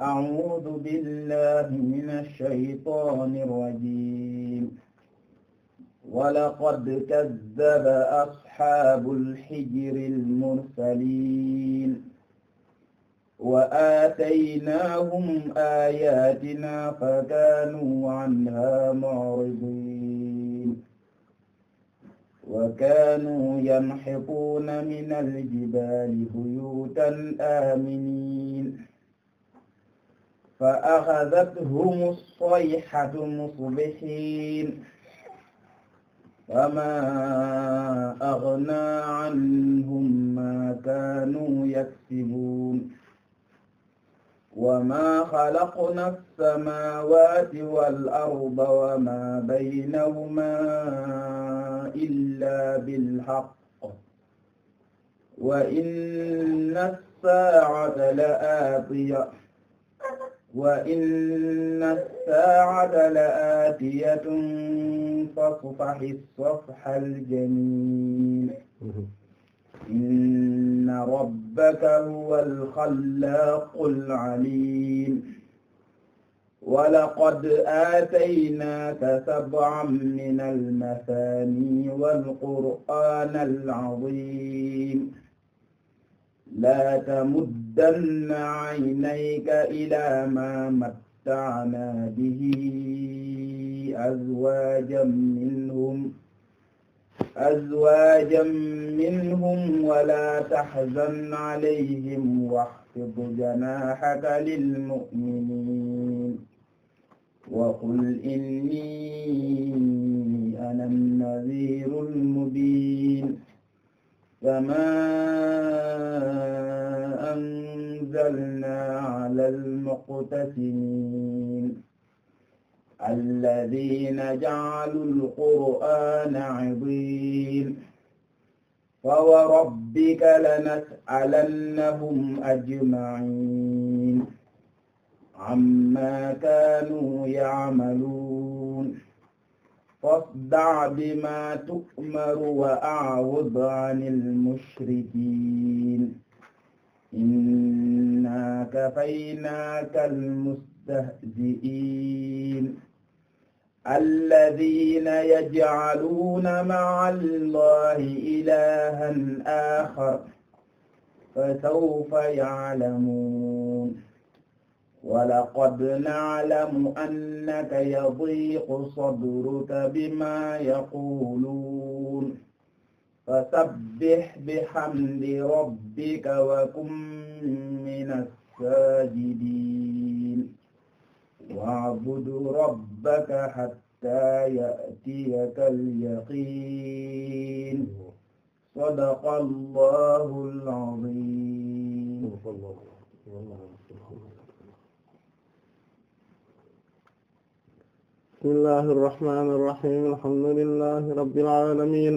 أعوذ بالله من الشيطان الرجيم ولقد كذب أصحاب الحجر المرسلين وآتيناهم آياتنا فكانوا عنها معرضين وكانوا ينحطون من الجبال بيوتا آمنين fa axadathum as-sayhatu musbihin fama aghnaa anhum maa kaanuu yaksibuun وما خلقنا السماوات والأرض وما بينهما إلا بالحق وإن الساعة لآتية وإن الساعة لآتية فاصفح الصفح الجميل إن ربك هو الخلاق العليم ولقد آتيناك سبعا من المثاني والقرآن العظيم لا تمد مدلنا عينيك إلى ما متعنا به أزواجا منهم أزواجا منهم ولا تحزن عليهم واخفض جناحك للمؤمنين وقل إني أنا النذير المبين فما أنزلنا على المقتسمين الذين جعلوا القرآن عضين فوربك لنسألنهم أجمعين عما كانوا يعملون فاصدع بما تؤمر وأعرض عن المشركين innaa kafaynaaka almustahzi'iin alladhiina yaj'aluuna ma'a llaahi ilaahan aakhar fasawfa ya'lamuun ولقد نعلم أنك يضيق صدرك بما يقولون fasabbih bihamdi rabbika wa kun minas saajidin wa'budu rabbaka hatta ya'tiyaka al-yaqiin sadaqa allahu al-aziim bismillahi rahmaani rahiim alhamdulillahi rabbil aalamiin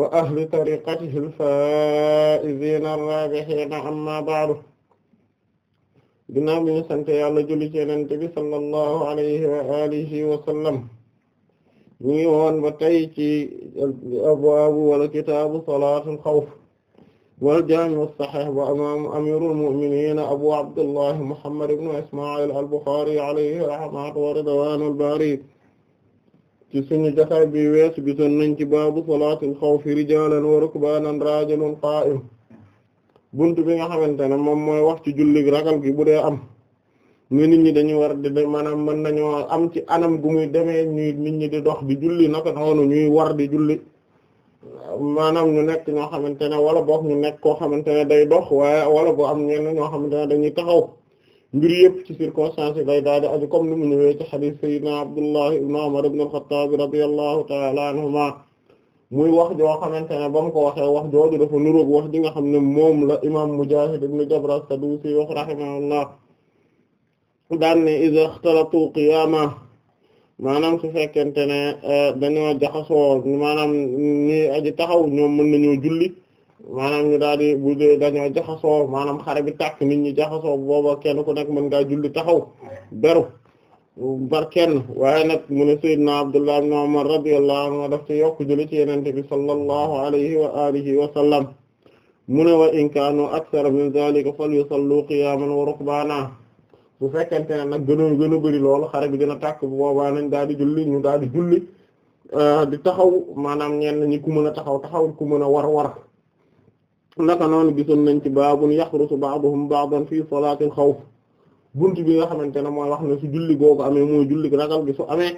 wa ahli tariqatihi al-faa'iziina ar-raabihiina amma ba'du ginnaaw bi ñu sant yàlla julli ci Yonent bi sallallahu alayhi wa alihi wa sallam ñu ngi woon ba tey ci abwaabu wala kitaabu salaatul xawf wal jaami'u as-sahiih ba imaam amiirul mu'miniin Abu Abdullah Muhammad ibn Ismaa'iil al-Bukhaari alayhi rahmatu wa ridwaanul baari ci suñu jotaay bi weesu gisoon nañ ci baabu salaatul xawfi rijaalan wa rukbaanan raajulun qaa'im bunt bi nga xamante ne moom mooy wax ci jullig ragal gi bu dee am nit ñi dañu war di maanaam mën nañoo am ci anam gu muy demee ñuy nit ñi di dox di julli naka noonu ñuy war di julli maanaam ñu nekk ñoo xamante ne wala boog ñu nekk koo xamante ne day dox waaye wala boo am ñenn ñoo xamante dañuy taxaw mbir yëpp ci circonstance yi lay daal di aju comme ni mu ñëwee ci xadiis sayyidina Abdullah ibn Umar ibn al-Khattab radiyallahu ta'ala anhuma muy wax joo xamante ne ba ko waxee wax jooju dafa nuróog wax ji nga xam ne moom la imam Mujahid ibn Jabr as-Sadusi wax rahimahullah daan ne iza ixtalatu qiyaama maanaam su fekkente ne eh, dañoo jaxasoo maanaam ñi aji taxaw ñoom mën nañoo julli maanaam ñu daal di bu dañoo jaxasoo maanaam xare bi tàkk nit ñi jaxasoo booba kenn ku nekk mën ngaa julli taxaw beru bar kenn waaye nag mu ne Seydina Abdullah ibn Umar radiyallahu anhu def ci yokk julli ci yenente bi sallallahu alayhi wa alihi wa sallam mu ne wa in kaanu akthara min zalika falyusallu qiyaman wa rukbana bu fekkente ne nag gën a gën a loolu xare bi dina a tàkk bu boobaa nañ daal di julli ñu daal di julli ah, di taxaw maanaam ñenn ñi ku mën a taxaw taxaw ku mën a war war naka noonu gisoon nañ ci baabun yaxrusu ba'duhum ba'dan fii salaatil xawf buntu bi nga xamante ne mooy wax ne su julli googu amee mooy julli ragal gi su amee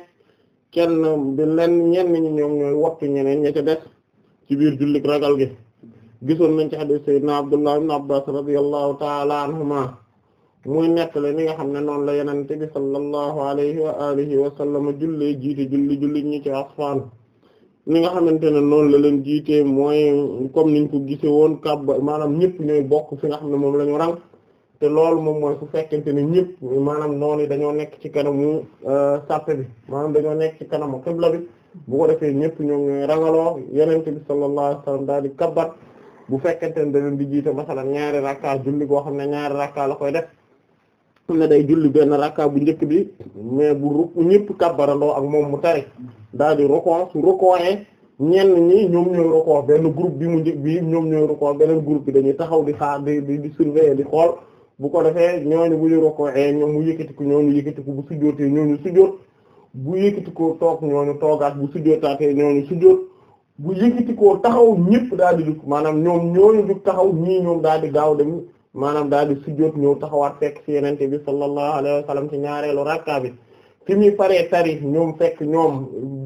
kenn bi len ñenn ñi ñoom ñooy wattu ñeneen ña ca des ci biir julli ragal gi gisoon nañ ci hadith sayyidina Abdullah ibn Abbas radiyallahu ta'ala anhuma muy nettale ni nga xam ne noonu la yenente bi sallallahu alayhi wa alihi wa sallam jullee jiite julli julli Asfaan ni nga xamante ne noonu la leen jiitee mooy comme niñ ko gisee woon kàbba maanaam ñëpp ñooy bokk fi nga xam ne moom la ñu rang te loolu moom mooy su fekkente ne ñëpp maanaam noon yi dañoo nekk ci kanamu euh, sàppe bi maanaam dañoo nekk ci kanamu xibla bi bu ko defee ñëpp ñoom ñooy rangaloo yenente bi sallallahu alayhi daal di kabbat bu fekkente ne da leen di jiite masalan ñaari rakka julli goo xam ne ñaari rakka la koy def su ne day julli benn rakka bu njëkk bi mais bu ru ñëpp kàbbarandoo ak moom mu tari daal di rokon su rokonee ñenn ñi ñoom ñooy rokon benn groupe bi mu njëkk bi ñoom ñooy rokon beneen groupe bi dañuy taxaw di xaar di di di xool bu ko defee ñooñu bu ñu rokonee ñoom mu yëkkatiku ñooñu yëkkatiku bu sujjootee ñooñu sujjoot bu yëkkatikoo toog ñooñu toogaat bu sujjootaatee ñooñu sujjoot bu yëkkatikoo taxaw ñëpp daal di dugg maanaam ñoom ñooñu dugg taxaw ñii ñoom daal di gaaw dem maanaam daal di sujjóot ñëw taxawaat fekk ci yenente bi sallallahu alayhi wa sallam ci ñaareelu rakka bi fi muy paree tari ñoom fekk ñoom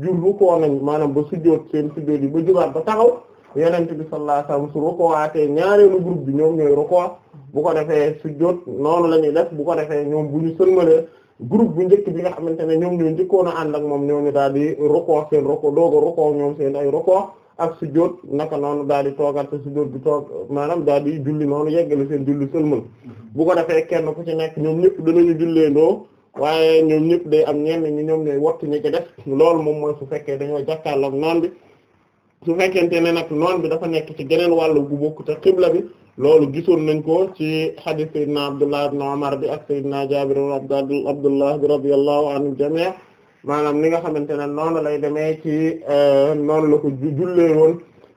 jurru koo nañ maanaam ba sujjóot seen sujjóot yi ba jubaat ba taxaw yenente bi sallallahu alayhi wa sallam su rukoowaatee ñaareelu group bi ñoom ñooy rukoo bu ko defee sujjóot noonu la ñuy def bu ko defee ñoom bu ñu sëlmalee groupe bu njëkk bi nga xamante ne ñoom ñoo njëkkoon a ànd ak moom ñooñu daal di rukoo seen rukoo dooga rukoo ñoom seen ay rukoo ak sujjóot naka noonu daal di toogaat te sujjóot bi toog maanaam daal di julli noonu yeggale seen julli sëlmal bu ko defee kenn ku ci nekk ñoom ñëpp danañu julleendoo waaye ñoom ñëpp day am ñenn ñi ñoom ñooy wattu ñi ci def loolu moom mooy su fekkee dañoo jàkkaarloog noon bi su fekkente ne nag noon bi dafa nekk ci geneen wàllu gu bokk te xibla bi loolu gisoon nañ ko ci hadith sayyidina Abdullah ibn Umar bi ak sayyidina Jaabir ibn Abdullah bi radiyallahu anhu jami' maanaam ni nga xamante ne noonu lay demee ci euh, noonu la ko jullee woon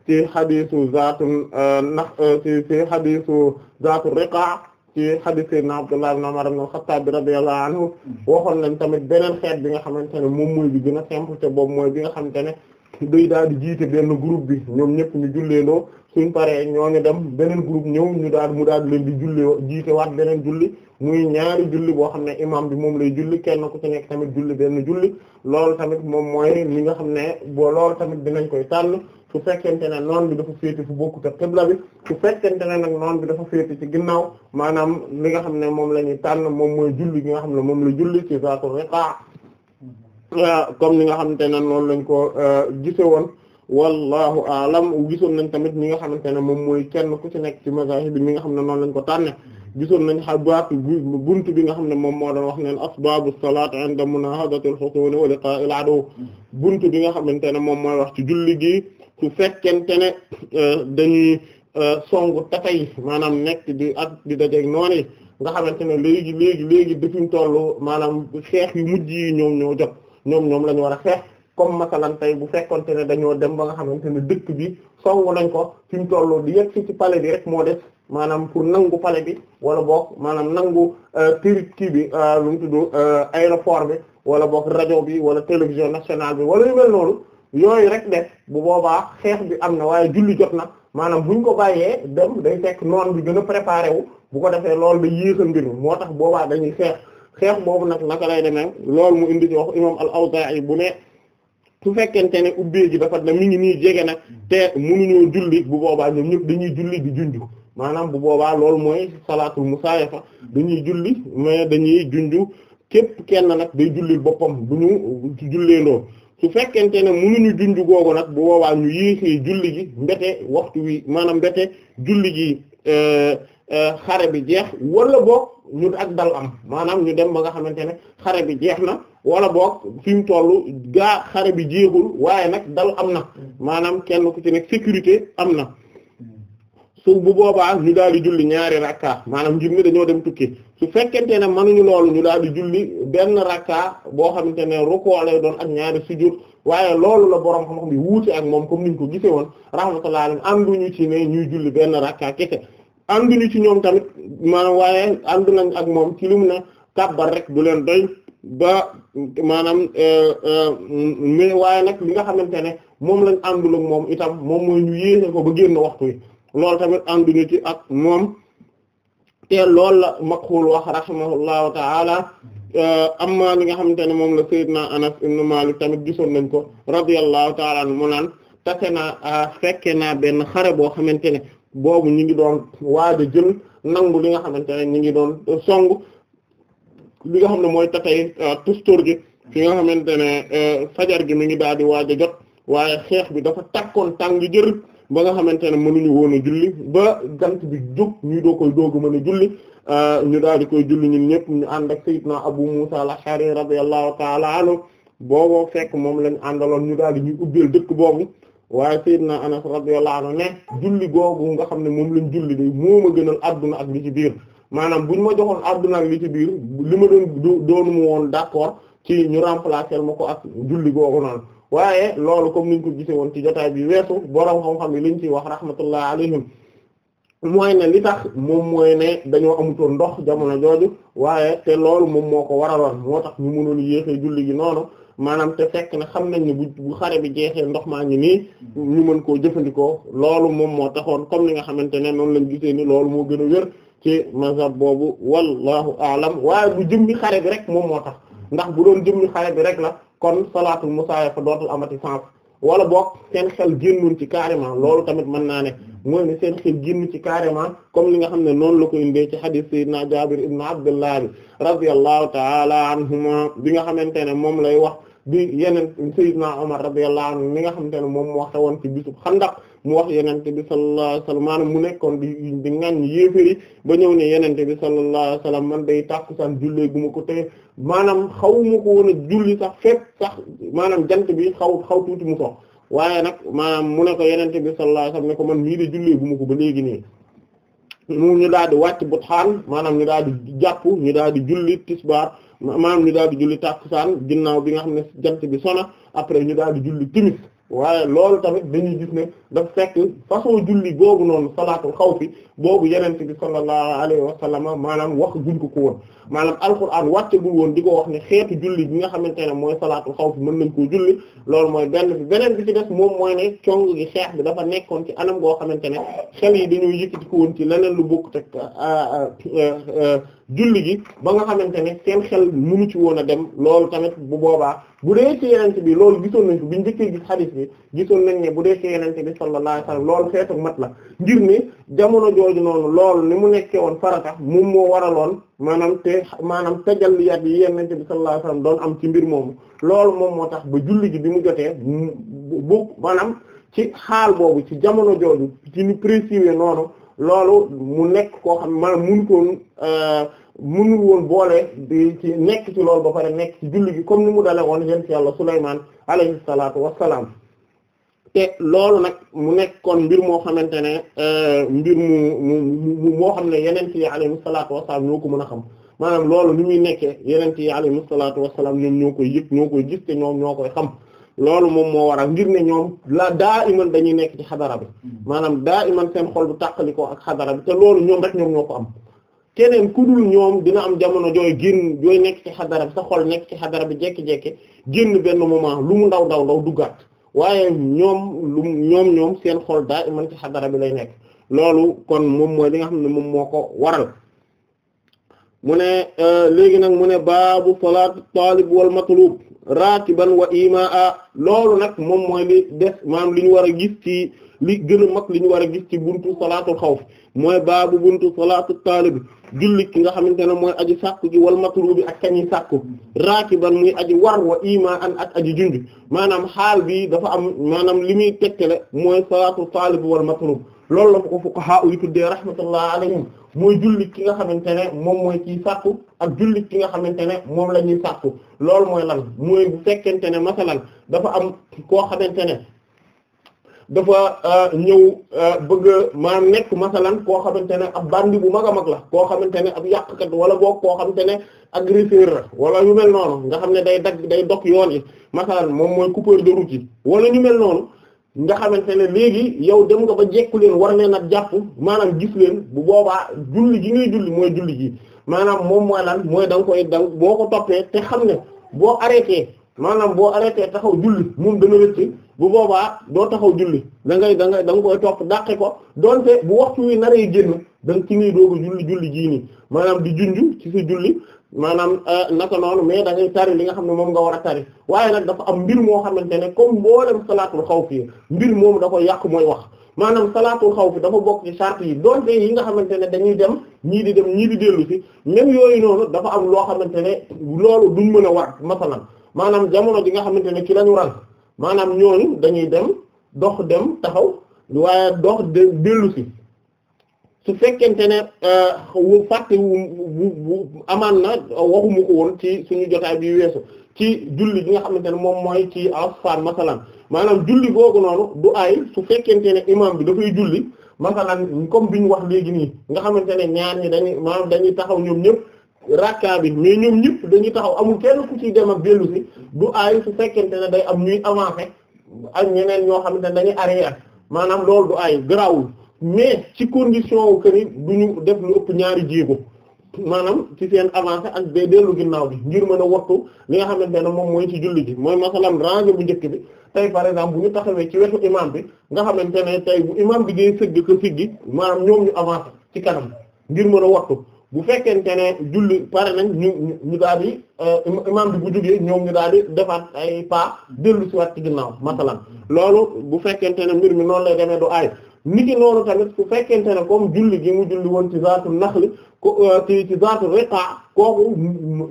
ci xadisu zaatu euh, nax euh, ci ci xadisu zaatu riqa ci xadis sayyidina Abdullah ibn Umar ibn al-Khattab radiyallahu anhu mm-hmm. waxoon nañ tamit beneen xeet bi nga xamante ne moom mooy bi gën a simple te boobu mooy bi nga xamante ne day daal di jiite benn groupe bi ñoom ñëpp ñu julleendoo suñ paree ñooñu dem beneen groupe ñëw ñu daal mu daal leen di julli jiite waat beneen julli muy ñaari julli boo xam ne imam bi moom lay julli kenn ku ci nekk tamit julli benn julli loolu tamit moom mooy li nga xam ne boo loolu tamit dinañ koy tànn su fekkente ne noon bi dafa féete fu bokkut ak xibla bi su fekkente ne nag noon bi dafa féete ci ginnaaw maanaam li nga xam ne moom la ñuy tànn moom mooy julli ki nga xam ne moom la julli ci zaatu riqa mm-hmm. comme ni nga xamante ne noonu lañ ko euh, gise woon wallahu alam gisoon nañ tamit ñi nga xamante ne moom mooy kenn ku ci nekk ci mazahib bi mi nga xam ne noonu lañ ko tànne gisoon nañ xa xabaatu buntu bi nga xam ne moom moo doon wax ne asbaabu salaat inda munaahadatil husuun wa liqaa'il aduw buntu bi nga xamante ne moom mooy wax ci julli gi su fekkente ne euh, dañuy euh, songu tatay maanaam nekk di ak di dajeeg noonu yi nga xamante ne léegi léegi léegi defuñ tollu maanaam xeex yu mujj yi ñoom ñoo jot ñoom ñoom lañ war a xeex comme masalan tey bu fekkonte ne dañoo dem ba nga xamante ne dëkk bi songu nañ ko fi mu toll di yegg ci pale bi rek moo def maanaam pour nangu pale bi wala book maanaam nangu euh, tiri kii bi euh, lu mu tudd euh, aéroport bi wala book rajo bi wala télévision nationale bi wala yu mel noonu yooyu rek def bu boobaa xeex bi am na waaye julli jot na maanaam buñ ko bàyyee dem day fekk noon bi gën a préparé wu bu ko defee lool da yéex a mbir moo tax boobaa dañuy xeex xeex boobu nag naka lay demee loolu mu indi ci su fekkente ne ubbee ji dafa na mi ngi nii jege na te munuñoo julli bu boobaa ñoom ñëpp dañuy julli di junju maanaam bu boobaa loolu mooy salaatul musaayafa dañuy julli mais dañuy junju képp kenn nag day julli boppam du ñu julleendoo su fekkente ne munuñu junju googu nag bu boobaa ñu yéexee julli gi mbete waxtu wi maanaam mbete julli gi euh, euh, xare bi jeex wala boog ñu ak dal am maanaam ñu dem ba nga xamante ne xare bi jeex na wala boog fi mu toll gaa xare bi jeexul waaye nag dal am na maanaam kenn ku ci nekk sécurité am na su bu boobaa ñu daal di julli ñaari rakka maanaam ngir ne dañoo dem tukki su fekkente ne mënuñu loolu ñu daal di julli benn rakka boo xamante ne rukkoo lay doon ak ñaari sujjóot waaye loolu la borom xam-xam bi wuute ak moom comme niñ ko gisee woon rahmatullahi alayhi ñu ci ne ñuy julli benn rakka kese ànduñu ci ñoom tamit maanaam waaye àndu nañ ak moom ci lim ne kàbbar rek du leen doy. ba maanaam euh, euh, mais waaye nag li nga xamante ne moom lañ àndul ak moom itam moom mooy ñu yéexe ko ba génn waxtu wi loolu tamit ànduñu ci ak moom te loolu la maqul wax rahimahullahu ta'ala euh, amma li nga xamante ne moom la sayyidna Anas ibn Malik tamit gisoon nañ ko radiyallahu ta'ala anhu mu naan tase naa fekke naa benn xare boo xamante ne boobu ñu ngi doon waaj a jël nangu li nga xamante ne ñu ngi doon song li nga xam ne mooy tatay euh, tustóor gi fi nga xamante ne euh, fajar gi mi ngi daal di waaj a jot waaye xeex bi dafa takkoon tàng jër ba nga xamante ne mënuñu woon a julli ba jant bi jóg ñu doo koy doogu mën a julli euh, ñu daal di koy julli ñun ñëpp ànd ak sayyidna Abu Musa al-Ash'ari radiyallahu ta'ala anhu booboo fekk moom lañ àndaloon ñu daal di ñuy ubbeel dëkk boobu waaye na Anas radiyallahu anhu ne julli googu nga xam ne moom lañ julli day moom a gënal adduna ak li ci biir maanaam bu ñu ma joxoon adduna ak li ci biir li ma doon doonu mu woon d'accord ci ñu remplacer ma ko ak julli googu noonu waaye loolu comme niñ ko gisee woon ci jotaay bi weesu borom xam-xam yi liñ ci wax rahmatullah alayhim mooy ne li tax moom mooy ne dañoo amutoon ndox jamono jooju waaye te loolu moom moo ko waraloon moo tax ñu julli gi noonu maanaam te fekk ne xam nañ ne bu xare bi jeexee ndox maa ngi nii ñu mën koo jëfandikoo loolu moom moo taxoon comme ni nga xamante ne noonu lañ gisee ni loolu moo gën a wér ci mazhab boobu wallahu aalam waaye bu jëmmi xare bi rek moom moo tax ndax bu doon jëmmi xare bi rek la kon salaatul musaayafa dootul amati sens wala boog seen xel génnoon ci carrément loolu tamit mën naa ne mooy ne seen xel génn ci carrément comme li nga xam ne noonu la ko indee ci hadith sayyidina Jaabir ibn Abdullah radiyallahu ta'ala anhuma bi nga xamante ne moom lay wax bi yeneen sayyidina Umar radiyallahu anhu mi nga xamante ne moom moo xewoon ci bisub Xandaq mu wax yenente bi sallallahu alayhi wasallam maanaam mu nekkoon di di ŋàññ yéeféri ba ñëw ne yenente bi sallallahu alayhi wasallam man day tàkkusaan jullee gu ma ko te maanaam xaw ma ko woon a julli sax fekk sax maanaam jant bi xaw xaw tuuti mu sox waaye nag maanaam mu ne ko yenente bi sallallahu alayhi wasallam ne ko man mii de jullee gu ma ko ba léegi nii mu ñu daal di wàcc butxaan maanaam ñu daal di jàpp ñu daal di julli tisbaar maanaam ñu daal di julli tàkkusaan ginnaaw bi nga xam ne jant bi sona après ñu daal di julli timis waaye loolu tamit dañuy gis ne daf fekk façon julli boobu noonu salaatul xawfi boobu yenente bi sallallahu alayhi wa sallama maanaam wax guñ ko ko woon maanaam alquran wàccegul woon di ko wax ne xeetu julli bi nga xamante ne mooy salaatul xawfi mën nañ koo julli loolu mooy benn bi beneen bi ci des moom mooy ne cong gi xeex bi dafa nekkoon ci anam goo xamante ne xel yi dañoo yëkkati ko woon ci leneen lu bokk teg julli gi ba nga xamante ne seen xel munu ci woon a dem loolu tamit bu boobaa bu dee ci yenente bi loolu gisoon nañ ko bu njëkkee gis xadiis bi gisoon nañ ne bu dee ci yenente bi sallallahu alayhi wasallam loolu xeetu mat la ngir ne jamono jooju noonu loolu ni mu nekkee woon farata moom moo waraloon maanaam te maanaam tajalliyaat yi yenente bi sallallahu alayhi wasallam doon am ci mbir moomu loolu moom moo tax ba julli gi bi mu jotee bu maanaam ci xaal boobu ci jamono jooju ci ni précisé loolu mu nekk koo xam maanaam mun koon euh, munul woon boole bi ci nekk ci loolu ba pare nekk ci julli gi comme ni mu dale woon yent yàlla Sulaymaan alayhi salaatu wassalaam te loolu nag mu nekk kon mbir moo xamante ne euh, mbir mu mu moo xam ne yeneen yi alayhi salaatu wassalaam ñoo ko mën a xam maanaam loolu ni muy nekkee yeneen yi alayhi salaatu wassalaam ñoom ñoo koy yëg ñoo koy gis te ñoom ñoo koy xam loolu moom moo waral ngir ne ñoom la daa iman dañuy nekk ci xadara bi maanaam daa iman seen xol bu tàqalikoo ak xadara bi te loolu ñoom rek ñoom ñoo ko am keneen ku dul ñoom dina am jamono jooy génn jooy nekk ci xadara bi nekk ci xadara bi jekki-jekki génn benn moment lu mu ndaw ndaw ndaw duggaat waaye ñoom lu ñoom ñoom seen xol daa iman ci xadara bi lay nekk loolu kon moom mooy li nga xam ne moom moo ko waral mu ne euh, léegi nag mu ne baabu salaatu taalib wal matlub raatiban wa imaa loolu nag moom mooy li des maanaam li ñu war a gis ci li gën a mag li ñu war a gis ci buntu salaatul xawf mooy baabu buntu salaatu taalib julli ki nga xamante ne mooy aji sàkku ji wal matlubi ak kañi sàkku raakiban muy aji war wa imaa an ak aji junj maanaam xaal bi dafa am maanaam li muy tegtale mooy salaatu taalib wal matlub loolu la ko fuqaha yi tuddee rahmatullah alayhim mooy julli ki nga xamante ne moom mooy ciy sàkku ak julli ki nga xamante ne moom lañuy ñuy sàkku loolu mooy lan mooy bu fekkente ne masalan dafa am koo xamante ne dafa euh, ñëw euh, bëgg ma nekk masalan koo xamante ne ab bandi bu mag a mag la koo xamante ne ak yàqkat wala boog koo xamante ne agresseur la wala ñu mel noonu nga xam ne day dagg day dokk yoon yi masalan moom mooy coupeur de route yi wala ñu mel noonu nga xamante ne léegi yow dem nga ba jekku leen war leen ak jàpp maanaam gis leen bu boobaa julli gi ngay julli mooy julli gi maanaam moom mooy lan mooy da koy da boo ko toppee te xam ne boo arrêté maanaam boo arrêté taxaw julli moom dana wécc bu boobaa doo taxaw julli da ngay da ngay da nga koy topp dàqe ko donte bu waxtu wi naree génn da ci nii dooga julli julli jii nii maanaam di junj ci sa julli maanaam euh, naka noonu mais da ngay tari li nga xam ne moom nga war a tari waaye nag dafa am mbir moo xamante ne comme mboolem salaatul xaw yi mbir moom da ko yàq mooy wax maanaam salaatul xawf dafa bokk ci charte yi donte yi nga xamante ne dañuy dem ñii di dem ñii di dellu ci yooyu noonu dafa am loo xamante ne loolu duñ mën a war masalan maanaam jamono ji nga xamante ne ci lañu ran maanaam ñooñu dañuy dem dox dem taxaw waaye dox dellu ci su fekkente ne euh, wu fàtte wu amaan na waxuma ko ci suñu jotaay bi weesu ci julli bi nga xamante ne moom mooy ci asfar masalan maanaam julli googu noonu du ay su fekkente ne imam bi dafay julli masalan comme bi ñu wax léegi nii nga xamante ne ñaar ñi dañuy dañuy taxaw ñoom ñëpp rakka bi mais ñoom ñëpp dañuy taxaw amul kenn ku ciy dem ak dellu si du ay su fekkente ne day am ñuy avancer ak ñeneen ñoo xamante ne dañuy arrière maanaam loolu du ay garaawul mais ci condition wu que ni du ñu def lu ëpp ñaari jéego maanaam ci seen avancé ak ba dellu ginnaaw bi ngir mën a wattu li nga xamante ne moom mooy ci julli ji mooy masalan rangée bu njëkk bi tey par exemple bu ñu taxawee ci wetu imam bi nga xamante ne tey bu imam bi ngay sëgg ko siggi maanaam ñoom ñu avancé ci kanam ngir mën a wattu bu fekkente ne julli pare nañ ñu ñu daal di euh, imam bi bu jógee ñoom ñu daal di defaat ay pas dellu si waat ci ginnaaw masalan loolu bu fekkente ne mbir mi noonu lay demee du aay niki noonu tamit su fekkente ne comme julli gi mu julli woon ci zaatu naxli ko euh, ci ci zaatu riqa kooku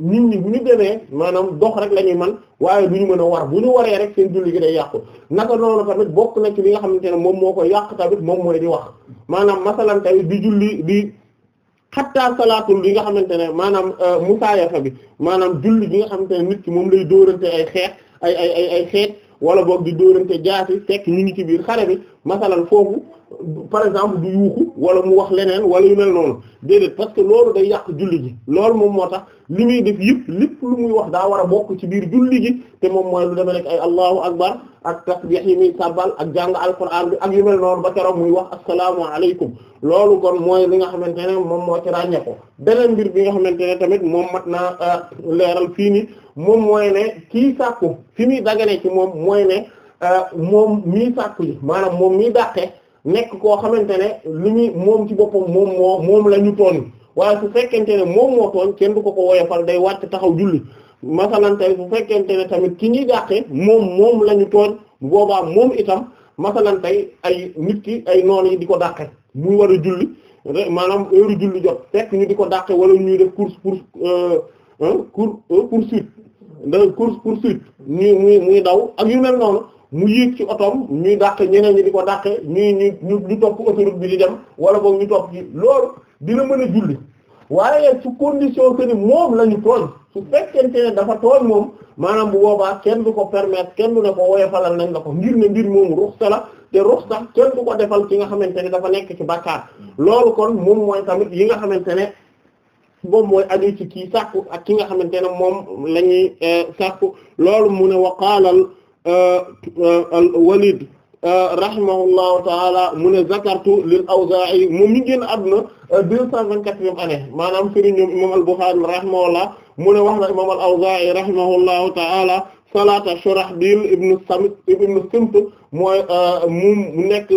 nit ñi bu ñu demee maanaam dox rek la ñuy man waaye du ñu mën a war bu ñu waree rek seen julli gi day yàqu naka noonu tamit bokk na ci li nga xamante ne moom moo ko yàq tamit moom mooy di wax maanaam masalan tamit di julli di xattaa salaatul li nga xamante ne maanaam euh, musaayafa bi maanaam julli gi nga xamante ne nit ki moom lay dóorante ay xeex ay ay ay ay xeet wala boog di dóorante jaasi fekk ñu ngi ci biir xare bi masalan foofu par exemple du yuuxu wala mu wax leneen wala yu noonu déedéet parce que loolu day yàq julli ji loolu moom moo tax li muy def yëpp lépp lu muy wax daa war a bokk ci biir julli ji te moom mooy lu demee rek ay allahu akbar ak tasbih yi muy sabbal ak jàng alquran bi ak yu mel noonu ba keroog muy wax assalaamu aleykum loolu kon mooy li nga xamante ne moom moo ci ràññee ko mbir bi nga xamante ne tamit moom mat naa euh, leeral fii nii moom mooy ne kii sàkku fi muy dagane ci moom mooy ne Euh, moom mii sàkku yi maanaam moom mii dàqe nekk koo xamante ne li muy moom ci boppam moom moom la ñu tooñ waaye su fekkente ne moom moo kenn du ko ko woyofal day wàcc taxaw julli masalan tey su ne tamit ki ñuy dàqe moom moom lañu ñu tooñ boobaa moom itam masalan tey ay nit ki ay noonu yi di ko dàqe muy war a julli maanaam heure julli jot fekk ñu di ko dàqe wala ñuy def course pour euh, course euh, poursuite da course poursuite ñuy muy muy daw ak yu mel noonu mu yéeg ci otoom ñuy dàq ñeneen ñi di ko dàqe ñu ñu ñu topp autoroute bi di dem wala boog ñu topp ci loolu dina mën a julli waaye su condition que ni moom la ñu tooñ su fekkente dafa tooñ maanaam bu boobaa kenn du ko permettre kenn du ne ko woyofalal nañ la ko ngir ne mbir moomu ruxsa la te ruxsa kenn ko defal ki nga xamante ne dafa nekk ci bàkkaar loolu kon moom mooy tamit yi nga xamante ne moom mooy aju ci kii ki nga xamante ne moom la ñuy eh, loolu mu ne waqaalal al-Walid euh, euh, euh, rahimahullahu taala mu ne zakartu lil Awzaa'i moom ñu génn àdduna deux cent vingt-quatrième année maanaam sëriñ ñoom imam al-Bukhari rahimahullah mu ne wax na imam al-Awzaa'i rahimahullahu taala salata Shurahbil ibnu Samit ibnu Simt mooy mu nekk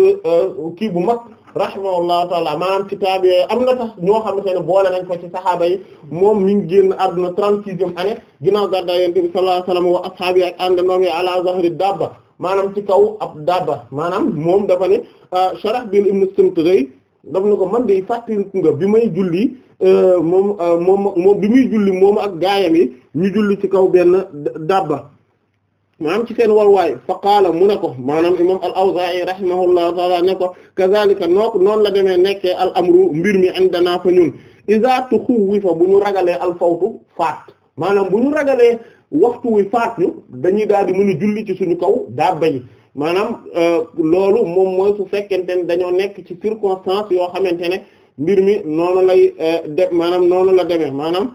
kii bu mag rahimahullahu taala maanaam ci taabi yooyu am na sax ñoo xamante ne boole nañ ko ci saxaaba yi moom mi ngi génn adduna trente-sixième année ginnaaw gàddaay Yonent bi sallallahu alayhi wa sallam wa ashaabi yi ak àndanoom yi zahri dabba maanaam ci kaw ab dabba maanaam moom dafa ne euh, Shurahbil ibn Istimta'i daf na ko man de fàttaliku nga bi may julli euh, moom euh, moom moom bi julli moom ak gaayam yi ñu julli ci kaw benn dabba maanaam ci seen waruwaay fa qaala mu ne ko maanaam imam al-Awzaa'i rahimahullahu taala ne ko kazaalika nook noonu la demee nekkee al amru mbir mi indana fa ñun iza tuxuwifa bu ñu ragale al fawtu faat maanaam bu ñu ragalee waxtu wi faat ñu dañuy daal di mën a julli ci suñu kaw daa bañ maanaam euh, loolu moom mooy su fekkente ne dañoo nekk ci circonstance yoo xamante ne mbir mi noonu lay euh, de maanaam noonu la demee maanaam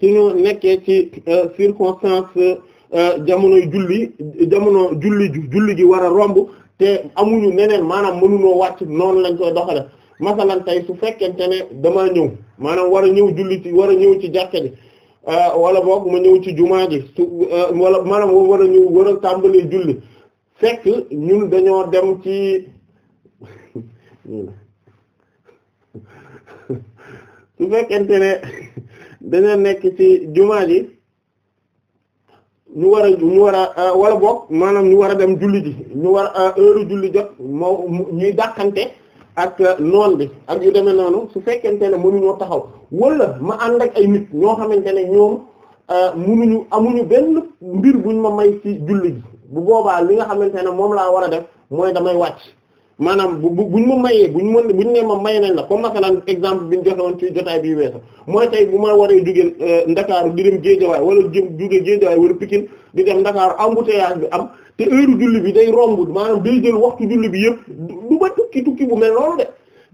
suñu nekkee ci euh, circonstance Euh, jamonoy julli jamono julli julli gi war a romb te amuñu neneen maanaam mënunoo wàcc noonu lañ koy doxale masalan tey su fekkente ne damaa ñëw maanaam war a ñëw julli ci war a ñëw ci jàkka ji euh, wala boog ma ñëw ci jumaa ji su euh, wala maanaam war a ñëw war a tàmbalee julli fekk ñun dañoo dem ci su fekkente ne dañoo nekk ci jumaa ji ñu war a ñu war a euh, wala boog maanaam ñu war a dem julli ji ñu war a euh, heure julli jot moo ñuy dàqante ak euh, noon bi ak yu deme noonu su fekkente ne mënuñoo taxaw wala ma ànd ak ay nit ñoo xamante ne ñoom mënuñu amuñu benn mbir buñ ma may ci julli ji bu boobaa li nga xamante ne moom laa war a dem mooy damay wàcc maanaam bu bu buñ ma mayee buñ ma buñ ne ma may nañ la comme masalan exemple bi ñu joxe woon ci jotaay bi weesu mooy tey bu ma waree jóge euh, Ndakaaru di dem Géejawaay wala jëm jóge Géejawaay wala Pikine di dem Ndakaaru bi am te heure julli bi day romb maanaam day jël waxtu julli bi yëpp du ma tukki tukki bu mel noonu de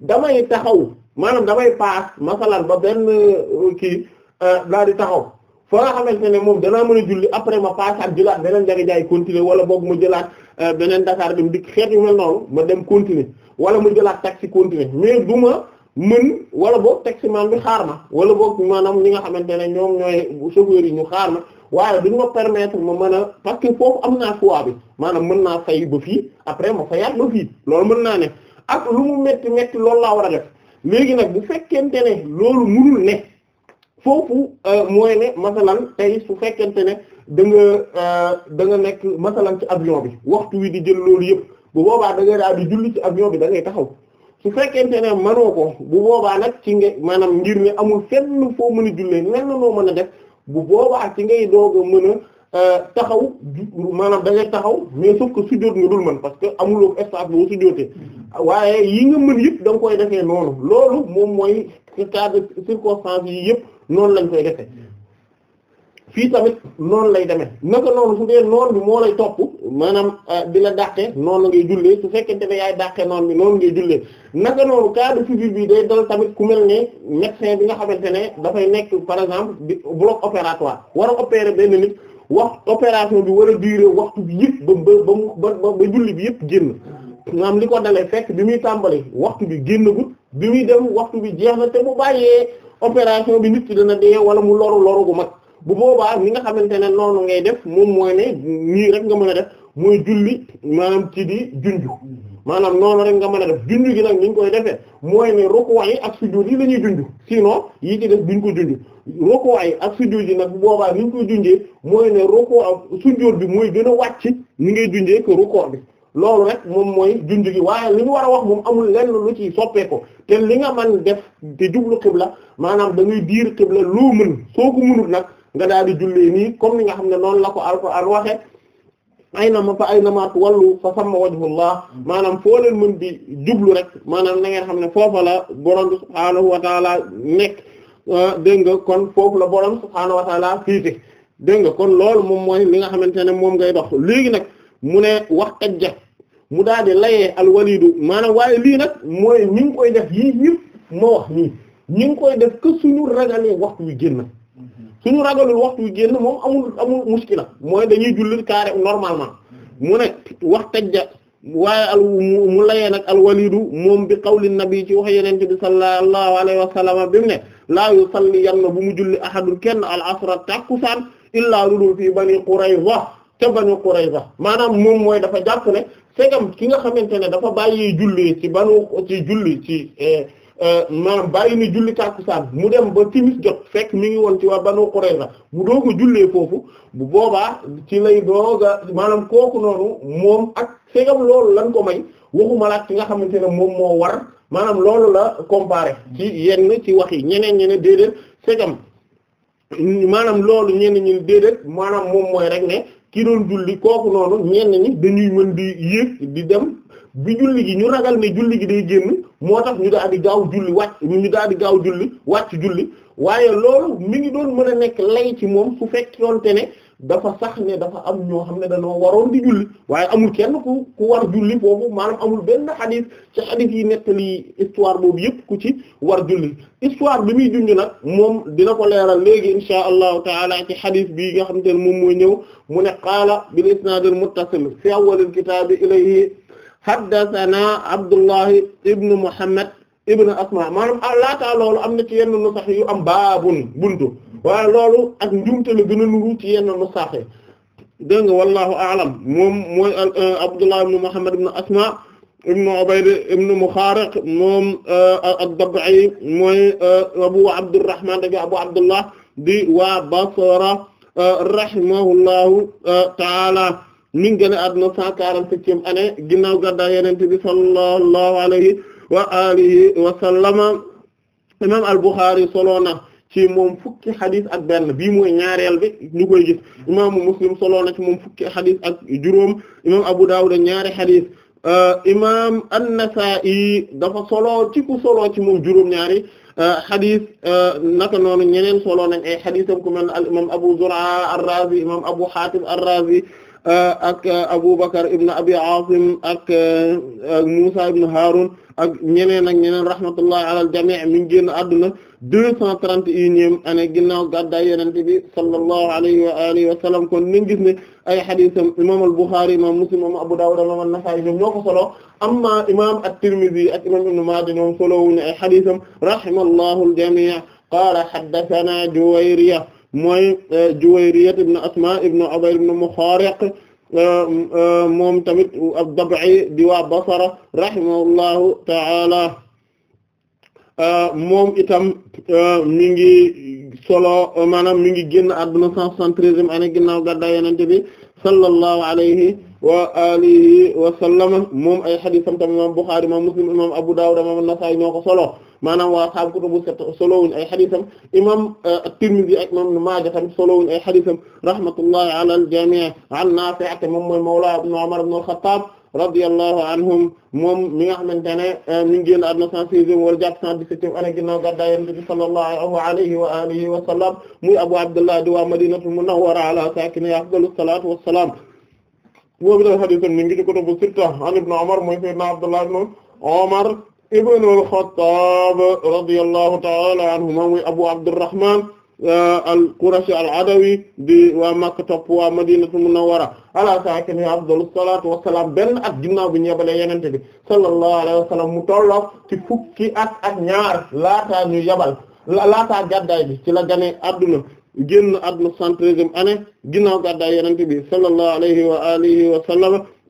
damay taxaw maanaam damay paas masalan ba benn euh, kii euh, daal di taxaw fa nga xamante ne moom danaa mën a julli après ma paas ak jëlaat beneen jaay continuer wala boog ma jëlaat. Euh, beneen Dakar dem dikk xeet yu mel noonu ma dem continuer wala ma jëlaat taxi continuer mais bu ma mën wala boog taxi man bi xaar ma wala boog maanaam ñi nga xamante ne ñoom ñooy ñu xaar ma waaye duñ ma permettre ma mën a parce que foofu am naa choix maanaam mën naa fay ba fii après ma fayaat ba fii loolu mën naa ne ak lu mu métti métti loolu laa war a def léegi nag bu fekkente ne loolu mënul ne foofu euh, mooy ne masalan tey su fekkente ne da nga euh, da nga nekk masalan ci avion bi waxtu wi di jël loolu yëpp bu boobaa da ngay daal di julli ci avion bi dangay taxaw su fekkee ne mënoo ko bu boobaa nag ci nga maanaam ngir ne amul fenn foo mën a jullee nenn noo mën a def bu boobaa ci ngay doog a mën a euh, taxaw maanaam da ngay taxaw mais sauf que sujjóot nga dul mën parce que amuloo espace boo sujjóotee waaye yi nga mën yëpp da nga loolu moom mooy ci cadre circonstance yii yëpp noonu lañ koy defee fii tamit noonu lay demee naka noonu su dee noon bi moo lay topp maanaam ah, di la dàqe noonu ngay jullee su fekkente ne yaay dàqe noonu bi noonu ngay jullee naka noonu cas de figure bi day dal tamit ku mel ne médecin bi nga xamante ne dafay nekk par exemple di bloc opératoire war a opérer benn nit wax opération bi war a durer waxtu bi yëpp ba ba ba ba julli bi yëpp génn maanaam li ko dalee fekk bi muy tàmbali waxtu bi génnagul bi muy dem waxtu bi jeex na te bu bàyyee opération bi nit ki dana dee wala mu loru loru gu mag. bu boobaa ni nga xamante ne noonu ngay def moom mooy ne nii rek nga mën a def mooy julli maanaam ci di junju maanaam noonu rek nga mën a def junju gi nag ni ñu koy defee mooy ne rukkoo yi ak sujjóot yi la ñuy junju sinon yi ci def duñ ko junju rukkoo yi ak sujjóot yi nag bu boobaa ñu koy junjee mooy ne rukkoo ak sujjóot bi mooy gën a wàcc ni ngay junjee ko rukkoo bi loolu rek moom mooy junj gi waaye li ñu war a wax moom amul lenn lu ci soppeeku te li nga mën def te jublu xibla maanaam da ngay diir xibla loo mën soo ko mënul nag nga daal di jullee nii comme ni nga xam ne noonu la ko alquran waxe ay na ma fa ay na ma wàllu fa sama wajhullah maanam foo mën di jublu rek maanaam na ngeen xam ne foofa la borom bi subhaanahu wa taala nekk ah, nga kon foofu la borom subhaanahu wa taala fiite dégg nga kon loolu moom mooy li nga xamante ne moom ngay dox léegi nag mu ne wax tajja mu daal di layee alwalidu maanaam waaye lii nag mooy ñi koy def yii yëpp moo wax nii ñi koy def que suñu ragalee waxtu wi génn. suñu ragalul waxtu wi génn moom amul amul muskila mooy dañuy julli carré normalement mu ne wax ja waaye al mu layee nag alwalidu moom bi qawli nabi ci wax yeneen bi sallallahu alayhi wa sallam la mu ne laa yusalli yan na bu mu julli ahadul kenn al asra takkusaan illaa lulul fii bani qurayza ca banu qurayza maanaam moom mooy dafa jàpp ne segam ki nga xamante ne dafa bàyyi julli ci banu ci julli ci eh, Euh, maanaam bàyyi ni julli tàkkusaan mu dem ba timis jot fekk mi ngi woon ci waa Banu Qurayza bu doog ko jullee foofu bu boobaa ci lay doog maanaam kooku noonu moom ak segam loolu lan ko may waxuma laak ki nga xamante ne moom moo war maanaam loolu la comparé ci yenn ci wax yi ñeneen ñeneen déedéet segam maanaam loolu ñenn ñi déedéet maanaam moom mooy rek ne ki julli kooku noonu ñenn ñi dañuy mën di yéeg di dem bi julli gi ñu ragal ne julli gi day génn moo tax ñu daal di gaaw julli wàcc ñu daal di gaaw julli wàcc julli waaye loolu mi ngi doon mën a nekk lay ci moom su te ne dafa sax ne dafa am ñoo xam ne dañoo waroon di julli waaye amul kenn ku war julli foofu maanaam amul benn xadis ci xadis yi li histoire boobu yëpp ku ci war julli histoire bi muy junj nag moom dina ko leeral léegi insha allahu taala ci xadis bi nga xam te ne moom mooy ñëw mu ne qaala bil isnaadil muttasil fi awwalil kitaabi haddathana Abdullahi Ibn Muhammad Ibn Asma maanaam ah, laataa loolu am na ci yenn nu sax yu am baabun buntu waaye loolu ak njuumte la gën a nuru ci yenn nu sax yi dégg nga wallaahu a'lam moom mooy euh, Abdullahi Ibn Muhammad Ibn Asma Ibn Ubayd Ibn Mukhariq moom euh, ad-Dab'i mooy euh, Abu Abdurrahman ak Abu Abdullah di waa Basra rahimahullahu ta'ala. mi ngi génn àdduna cent quarante-septième année ginnaaw gàddaay Yonent bi sallallahu alayhi wa alihi wa sallama imam al-Bukhari solo na ci moom fukki xadis ak benn bii mooy ñaareel bi ñu koy gis imaamu Muslim solo na moom fukki xadis ak juróom imam Abu Dawud ñaari xadis euh, imam an-Nasa'i dafa solo ci ku solo ci moom juróom-ñaari euh, xadis euh, naka noonu ñeneen solo nañ ay xadisam ku mel ne al imam Abu Zur'a ar-Razi imam Abu Hatim ar-Razi ak eh, Aboubacar ibn Abi Asim ak eh, Moussa ibn Haroun ak ñeneen ak ñeneen rahmatullahi alal jamii mi ngi génn àdduna deux cent trente et unième année ginnaaw gàddaay Yonent bi sallallahu alayhi wa alihi wa sallam kon ni gis ne ay xadiisam imaam al-Bukhari imaam Muslim imaam Abu Dawud imaam an-Nasa'i ñoom ñoo ko solo amma imaam at-Tirmidhi ak imaam Ibn Maaja ñoom solo wu ñu ay xadiisam rahimallahu al-jamii qaala haddathana Juwayriya mooy euh, Juwayriyat ibn Asma ibn Ubayr ibn Mukhariq euh, euh, moom tamit ad diwa di waa Basra rahimahullahu moom itam mi ngi solo maanaam mi ngi génn àdduna 173e année ginnaaw gàddaay Yonent bi sallallahu alayhi wa alihi wa sallam moom ay hadiisam tamit imaam Bukhari imaam Muslim imaam Abu Dawud imaam An-Nasa'i ñoo ko solo maanaam waa ashaabu kutubu sitta solowuñ ay xadisam imam euh, at-Tirmidhi ak imam Ibn Maaja tamit solowuñ ay xadisam rahmatullahi ala al-jamii' an Naafi' moom mooy mawla ibn Umar ibn al-Khattab radiyallahu anhum moom mi nga xamante ne euh, mi ngi génn àdduna cent seizième wala jàpp cent dix-septième année ginnaaw gàddaay Yonent bi sallallahu alayhi wa alihi wa sallam muy Abu Abdullah di waa Madinatul Munawwara ala saakinihaa afdalu salaatu wa salaam boobu daal xadisam mi ngi ci kutubu sitta an Ibn Umar mooy sayyidina Abdullah ibn Umar ibn al-Khattab radiyallahu ta'ala anhuma muy Abu eh, al-Qurashi al-Adawi di waa Makka waa Madinatu Munawwara ala saakinihaa afdalu salaatu wa salaam benn at ginnaw bi ñu yebalee Yonent bi sallallahu alayhi wa sallam mu tolloo ci fukki at ak ñaar laataa ñu yebal laataa gàddaay bi ci la gane adduna génn adduna 113e année ginnaaw gàddaay Yonent bi sallallahu alayhi wa alihi wa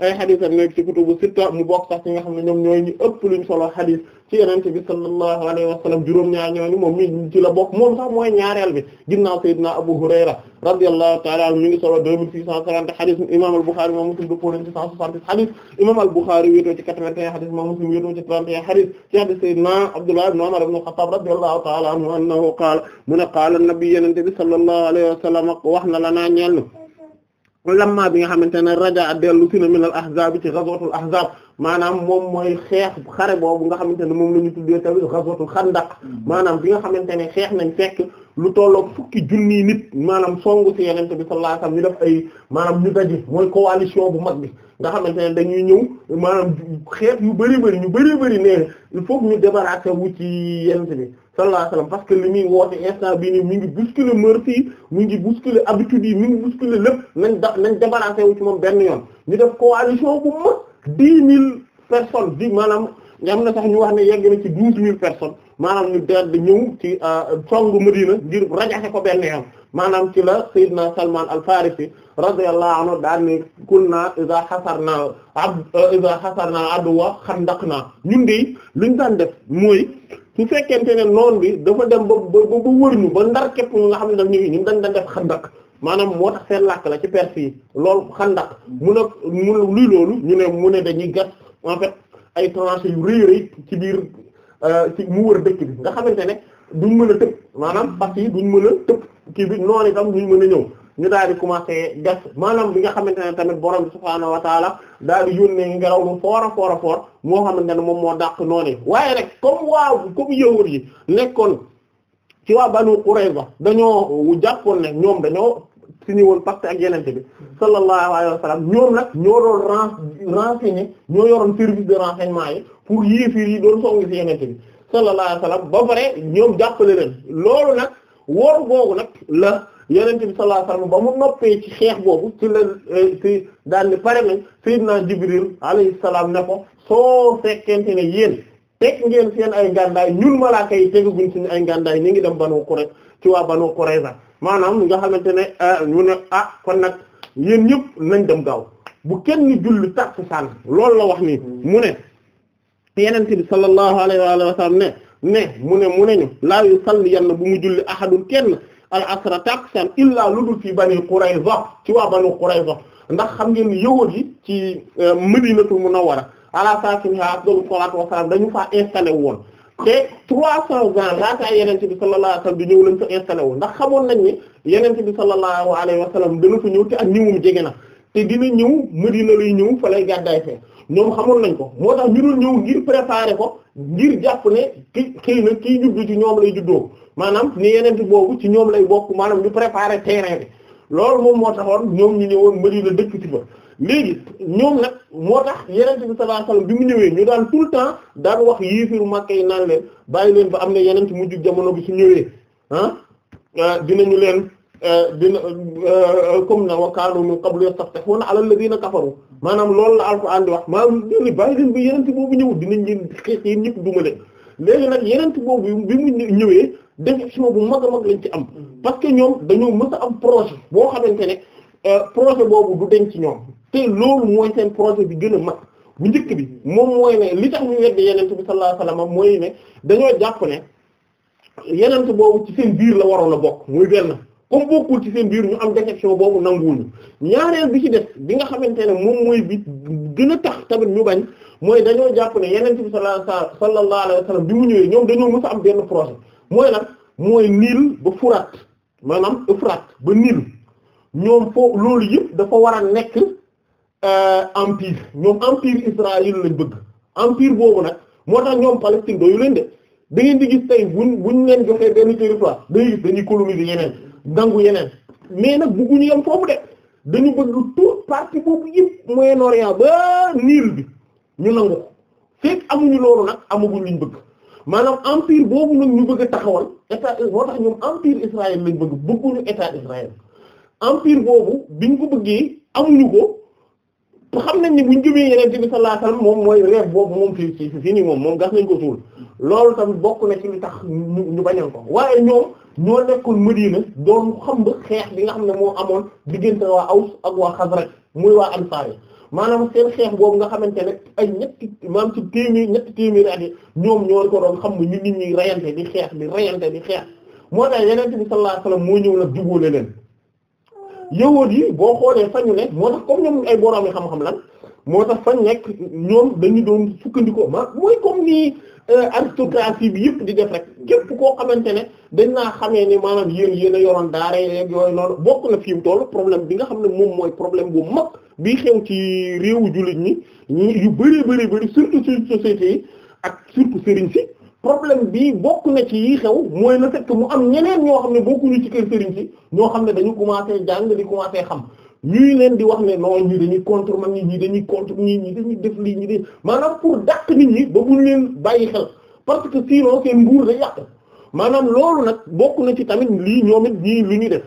ay xadis am nekk ci kutubu sitta mu bokk sax ci nga xam ne ñoom ñooy ñu ëpp luñ solo xadis wa juróom-ñaar moom mi ci bokk moom sax mooy ñaareel bi ginnaaw sayyidina Abu Hurayra radiyallahu ta'ala anhu mi ngi solo 2640 xadis imam al-Bukhari moom Muslim dëppoo nañ ci 170 imam al-Bukhari wéetoo ci 81 xadis moom Muslim wéetoo ci 31 xadis ci xadis sayyidina Abdullah ibn Umar ibn ta'ala an-nabi yenente bi sallallahu alayhi wa sallam na la lamma bi nga xamante ne raja dellu si na min al ahzab ci ghazwatul ahzab maanaam moom mooy xeex xare boobu nga xamante ne moom la ñu tuddee tamit ghazwatul xandaq maanaam bi nga xamante ne xeex nañ fekk lu tolloog fukki junni nit maanaam songu si yenente bi sallallahu alayhi wasallam ñu def ay maanaam ñu daje mooy coalition bu mag bi nga xamante ne dañuy ñëw maanaam xeex yu bëri bëri ñu bëri bari ne il foog ñu débarrasser wu ci yenente bi sallallahu alayhi wasallam parce que li muy woote instant bii nii mi ngi bousculer mœurs yi mi ngi bousculer habitudes yi mi ngi bousculer lépp nañ da nañ débarrassé wu ci moom benn yoon ñu def coalition bu mag dix mille personnes di maanaam ñam na sax ñu wax ne yegg na ci douze mille personnes maanaam ñu daal di ñëw ci euh, songu Medina ngir rajaxe ko benn yoon maanaam ci la Seydina Salman al-Farisi radiyallahu anhu daal ne kunna iza hasarna ab iza hasarna adwa xandaqna ñun de liñ daan def mooy su fekkente ne noon bi dafa dem ba ba ba wër ñu ba ndar képp nga xam ne daf ñu ñun dañ dañ def xandak maanaam moo tax seen làkk la ci perse yi loolu xandak mu ne mu luy loolu ñu ne mu ne dañuy gas en fait ay tranchées yu rëy rëy ci biir euh, ci mu wër dëkk bi nga xamante ne du mën a tëb maanaam parce yi duñ mën a tëb kii bi noonu itam duñ mën a ñëw ñu daal di commencé def maanaam li nga xamante ne tamit borom bi subhaanahu wa taala daal di yónnee ngelaw lu foor a foor a foor moo xamante moom moo dàq noonu waaye rek comme waaw comme yëwur yi nekkoon ci waa Banu ba dañoo jàppoon ne ñoom dañoo signé woon pacte ak yeneen bi sallallahu alayhi wa sallam ñoom nag ñoo doon ren renseigné ñoo yoroon service de renseignement yi pour yéefir yi doon songi ci yeneen bi sallallahu alayhi wa sallam ba pare ñoom jàppale leen loolu nag wóor boobu nag yonent bi sallallahu alayhi wasallam ba mu noppee ci xeex boobu ci la euh, daal di pare nañ sayyidina Jibril alayhi salaam ne ko soo fekkente ne yéen teg ngeen seen ay gàndaay ñun malaaka yi tegaguñ suñu ay gàndaay ñu ngi dem Banu Qurayza ci waa Banu Qurayza maanaam nga xamante ne mu euh, ne ah kon nag yéen ñëpp nañ dem gaaw bu kenn julli takkusaan loolu la wax nii mu ne yonent bi sallallahu alayhi wa sallam ne ne mu ne mu ne ñu laa yusalli yenn bu mu julli ahadun kenn. al asra takusan illaa lu dul fii bani Qurayza ci waa banu Qurayza ndax xam ngeen ni yawut yi ci e, Madinatul Munawwara ala saakinihaa afdalu salaatu wa salaam dañu faa installé woon te trois cents ans laataa Yonent bi sallallahu alayhi wa sallam di ñëw lañ installé woon ndax xamoon nañ ne Yonent bi sallallahu alayhi wa sallam dana fa ñëw te ak ñëwum jege na te dina ñëw Madina lay ñëw fa lay gàddaay fee ñoom xamoon nañ ko moo tax ñu doon ñëw ngir préparer ko ngir jàpp ne ki xëy na kii juddu ci ñoom lay juddoo maanaam ni yeneen boobu ci ñoom lay bokk maanaam ñu préparer terrain bi loolu moom moo taxoon ñoom ñu ñëwoon Madina dëkk ci fa léegi ñoom nag moo tax yeneen bi sallallahu alayhi wasallam bi mu ñëwee ñu daan tout le temps daan wax yéefiru Makka yi naan leen bàyyi leen ba am na yeneen ci mujj jamono bi su ñëwee ah, ah dinañu leen ah, dina ah, comme na wa kaanu min qablu yastaftihuuna ala alladhiina kafaru maanaam loolu la Alxuraan di wax maanaam bàyyi leen ba yeneen boobu ñëw dinañ leen xeex yi ñëpp dumale léegi nag yeneen boobu bi mu ñëwee déception bu mag a mag lañ ci am mm. parce que ñoom dañoo mës a am projet boo xamante ne euh, projet boobu du denc ci ñoom te loolu mooy seen projet bi gën a mag bu njëkk bi moom mooy ne li tax ñu weddi yeneen bi sallallahu alayhi wasallam mooy ne dañoo jàpp ne yeneen boobu ci seen biir la waroon a bokk muy benn. comme bokkul ci seen biir ñu am déception boobu nanguwuñu ñaareel bi ci def bi nga xamante ne moom mooy bi gën a tax tamit ñu bañ mooy dañoo jàpp ne yeneen bi sallallahu alayhi wa sallam bi mu ñëwee ñoom dañoo mës a am benn projet mooy nag mooy niil ba furaat maanaam Euphrate ba niil ñoom foofu loolu yëpp dafa war a nekk euh, empire ñoom empire Israël lañ bëgg empire boobu nag moo tax ñoom Palestine doyu leen de da ngeen di gis tey buñ buñ leen joxee benn territoire dañuy gis dañuy coloniser yeneen dangu yeneen mais nag bëgguñu yem foofu de dañu bëgg toute partie boobu yëpp Moyen-Orient ba niil bi. ñu nangu ko fekk amuñu loolu nag amaguñ liñ bëgg maanaam empire boobu nag ñu bëgg a taxawal état moo tax ñoom empire Israël lañ bëgg bëgguñu état Israël empire boobu biñ ko bëggee amuñu ko xam nañ ne buñ jëmee yeneen bi sallallahu alayhi wasallam moom mooy rêve boobu moom fii fii moom moom gas nañ ko suul loolu tamit bokk na ci lu tax ñu ñu ko waaye ñoom ñoo nekkoon Madina doon xam ba xeex bi nga xam ne moo amoon diggante waa Aws ak waa Xasraj muy waa Ansaar maanaam seen xeex boobu nga xamante ne ay ñetti maam ci téeméer ñetti téeméeri at yi ñoom ñoo ko doon xam ne ñu nit ñi rayante di xeex di rayante bi xeex moo tax yeneen bi sallallahu alayhi moo ñëw nag jubóole leen yahuud yi boo xoolee fañu ne moo tax comme ñoom ay borom yi lan moo tax fañ nekk ñoom dañu doon sukkandikoo ma mooy comme nii euh, aristocratie bi yëpp di def rek képp koo xamante ne dañ naa xamee ni maanaam yéen yéen a yoroon daara yeeg yooyu noonu bokk na fi mu toll problème bi nga xam ne moom mooy problème boobu mag bii xew ci réewu jullit ñi yu bari bari bari surtout ci sociétés yi ak surtout sëriñ si problème bi bokk na ci yi xew mooy na fekk mu am ñeneen ñoo xam ne bokkuñu ci kër sëriñ si ñoo xam ne dañu commencé jàng di xam ñuy leen di wax ne non ñii dañuy contre man ñi dañuy contre ñii dañuy def lii ñii de maanaam pour dàq nit ñi ba buñ leen bàyyi xel parce que sinon seen nguur day yàq maanaam loolu nag bokk na ci tamit lii ñoom it ñii lu ñu def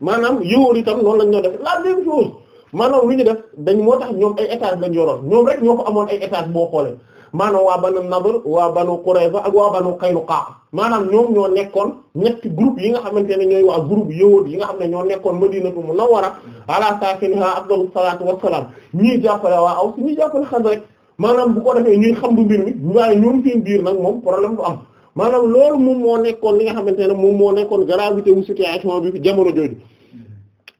maanaam yowoor itam noonu lañ ñoo def la même chose maanaam lu ñu def dañ moo tax ñoom ay étage la yoroon ñoom rek ñoo ko amoon ay étage boo xoolee maanaam waa banu Nadr waa banu Qurayza ak waa banu Qaynuqa maanaam ñoom ñoo nekkoon ñetti groupe yi nga xamante ne ñooy waa groupe yawut yi nga xam ne ñoo nekkoon Madinatu Munawwara ala saakinihaa afdalu salaatu wassalaam ñii jàppale waa Aws ñii jàppale Xasraj maanaam bu ko defee ñuy xam bu mbir mi waaye ñoom seen biir nag moom problème bu am maanaam loolu moom moo nekkoon li nga xamante ne moom moo nekkoon gravité wu situation bi fi jamono jooju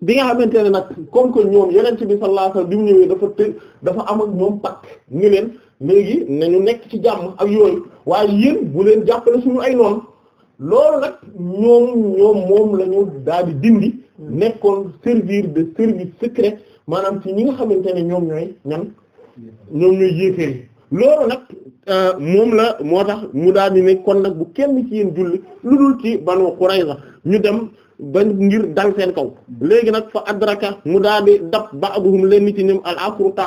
bi nga xamante ne nag comme que ñoom yonent bi sallallahu alayhi wasallam bi mu ñëwee dafa të dafa am ak ñoom pàcc ñu leen léegi nañu nekk ci jàmm ak yooyu waaye yéen bu leen jàppale suñu ay noonu loolu nag ñoom ñoom la ñu daal di dindi nekkoon servir de service secret maanaam ci ñi nga xamante ne ñoom ñooy ñan ñoom ñooy yéeféer loolu nag euh, moom la moo tax mu daal di ne kon nag bu kenn ci yéen julli lu dul ci Banu Qurayza ñu dem. bañ ngir dal seen kaw léegi nag fa adraka mu daa di dab ba'duhum leen ci ñoom al asru ta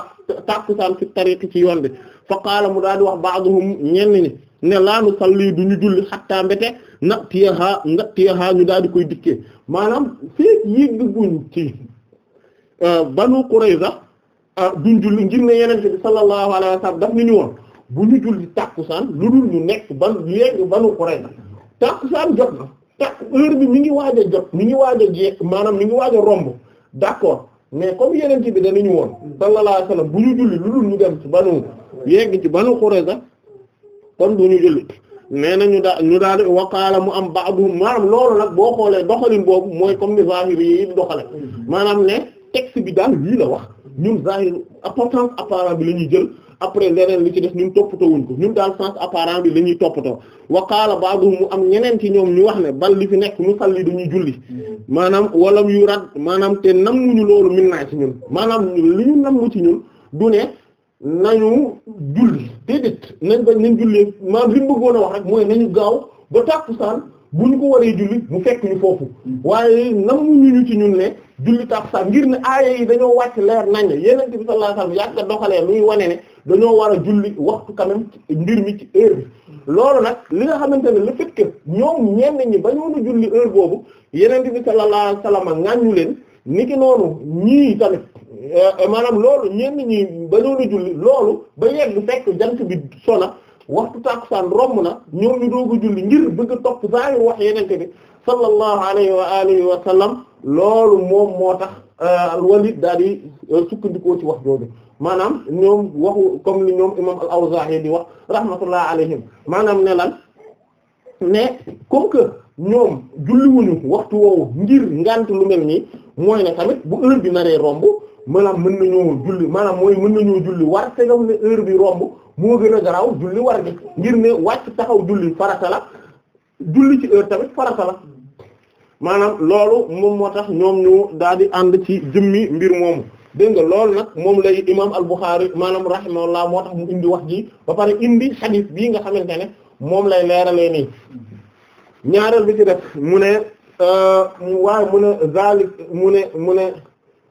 takusaan fi tariqi ci yoon bi fa qaala mu daa di wax ba'duhum ñenn ñi ne salli du ñu julli xattaa mbete na tiyaha nga tiyaha ñu daa di koy dikkee maanaam feek yégguñ ci euh, banu Qurayza euh, duñ julli ngir ne yeneen bi sallallahu alayhi wa sallam daf ni ñu woon bu ñu julli takusaan lu dul ñu nekk ban léegi banu Qurayza takusaan jot na tak ah, bi mi ngi waaj jot mi ngi waaj a jeex maanaam mi ngi waaj a romb d'accord mais comme yeneen ci bi danañu woon sallallahu alayhi wasallam bu ñu julli lu dul ñu dem ci banu yegg ci banu Qurayza kon du ñu julli nee na ñu daa ñu daal di waqaala mu am ba'duhum maanaam loolu nag boo xoolee doxalin boobu mooy comme ni zahiri yi di doxale mm-hmm. maanaam ne texte bi daal lii la wax ñun zahir importance apparent bi la ñuy jël après leneen li ci def ñun toppatoo wuñ ko ñun daal sens apparent bi la ñuy toppatoo wa qaala ba'du mu am ñeneen ci ñoom ñu wax ne bal li fi nekk nu salli dañuy julli maanaam walam yu rat maanaam te nammuñu loolu min naa ci ñun maanaam li ñu nam nammu ci ñun du ne nañu julli déedéet nañ bañ nañ julli maanaam li mu bëggoon a wax rek mooy nañu gaaw ba tàkkusaan bu ñu ko waree julli mu fekk ñu foofu mm. waaye nammuñu ñu ci ñun ne julli tàkkusaan ngir ne aaya yi dañoo wàcc leer naññ yonent bi sallallahu alayhi wasallam yàgg doxalee luy wane ne dañoo war a julli waxtu quand même mbir mi ci heure loolu nag li nga xamante ne le fait que ñoom ñenn ñi bañoon a julli heure boobu yonent bi sallallahu alayhi wasallam ŋàññu leen niki noonu ñii tamit euh, maanaam loolu ñenn ñi bañoon a julli loolu ba yegg fekk jant bi na waxtu tàkkusaan romb na ñoom ñu doog a julli ngir bëgg topp zahir wax yonent bi sallallahu alayhi wa alihi wa sallam loolu moom moo tax al-Walid euh, daal di euh, sukkandikoo ci wax jooju maanaam ñoom waxu comme li ñoom imam al-Awzaa'i di wax rahmatullah alayhim maanaam ne lan ne comme que ñoom julliwuñu waxtu woowu ngir ngant lu mel nii mooy ne tamit bu heure bi naree romb maanaam mën nañoo julli maanaam mooy mën nañoo julli war te gaw ne heure bi romb moo gën a garaaw julli war gi ngir ne wàcc taxaw julli farata julli ci heure tamit farata maanaam loolu moom moo tax ñoom ñu daal di ànd ci jëmmi mbir moomu dégg nga loolu nag moom lay imaam al-Bukhari maanaam rahimahullah moo tax mu indi wax ji ba pare indi xadiis bii nga xamante ne moom lay leeralee nii ñaareel bi ci def mu ne euh, waaye mu ne zalik mu ne mu ne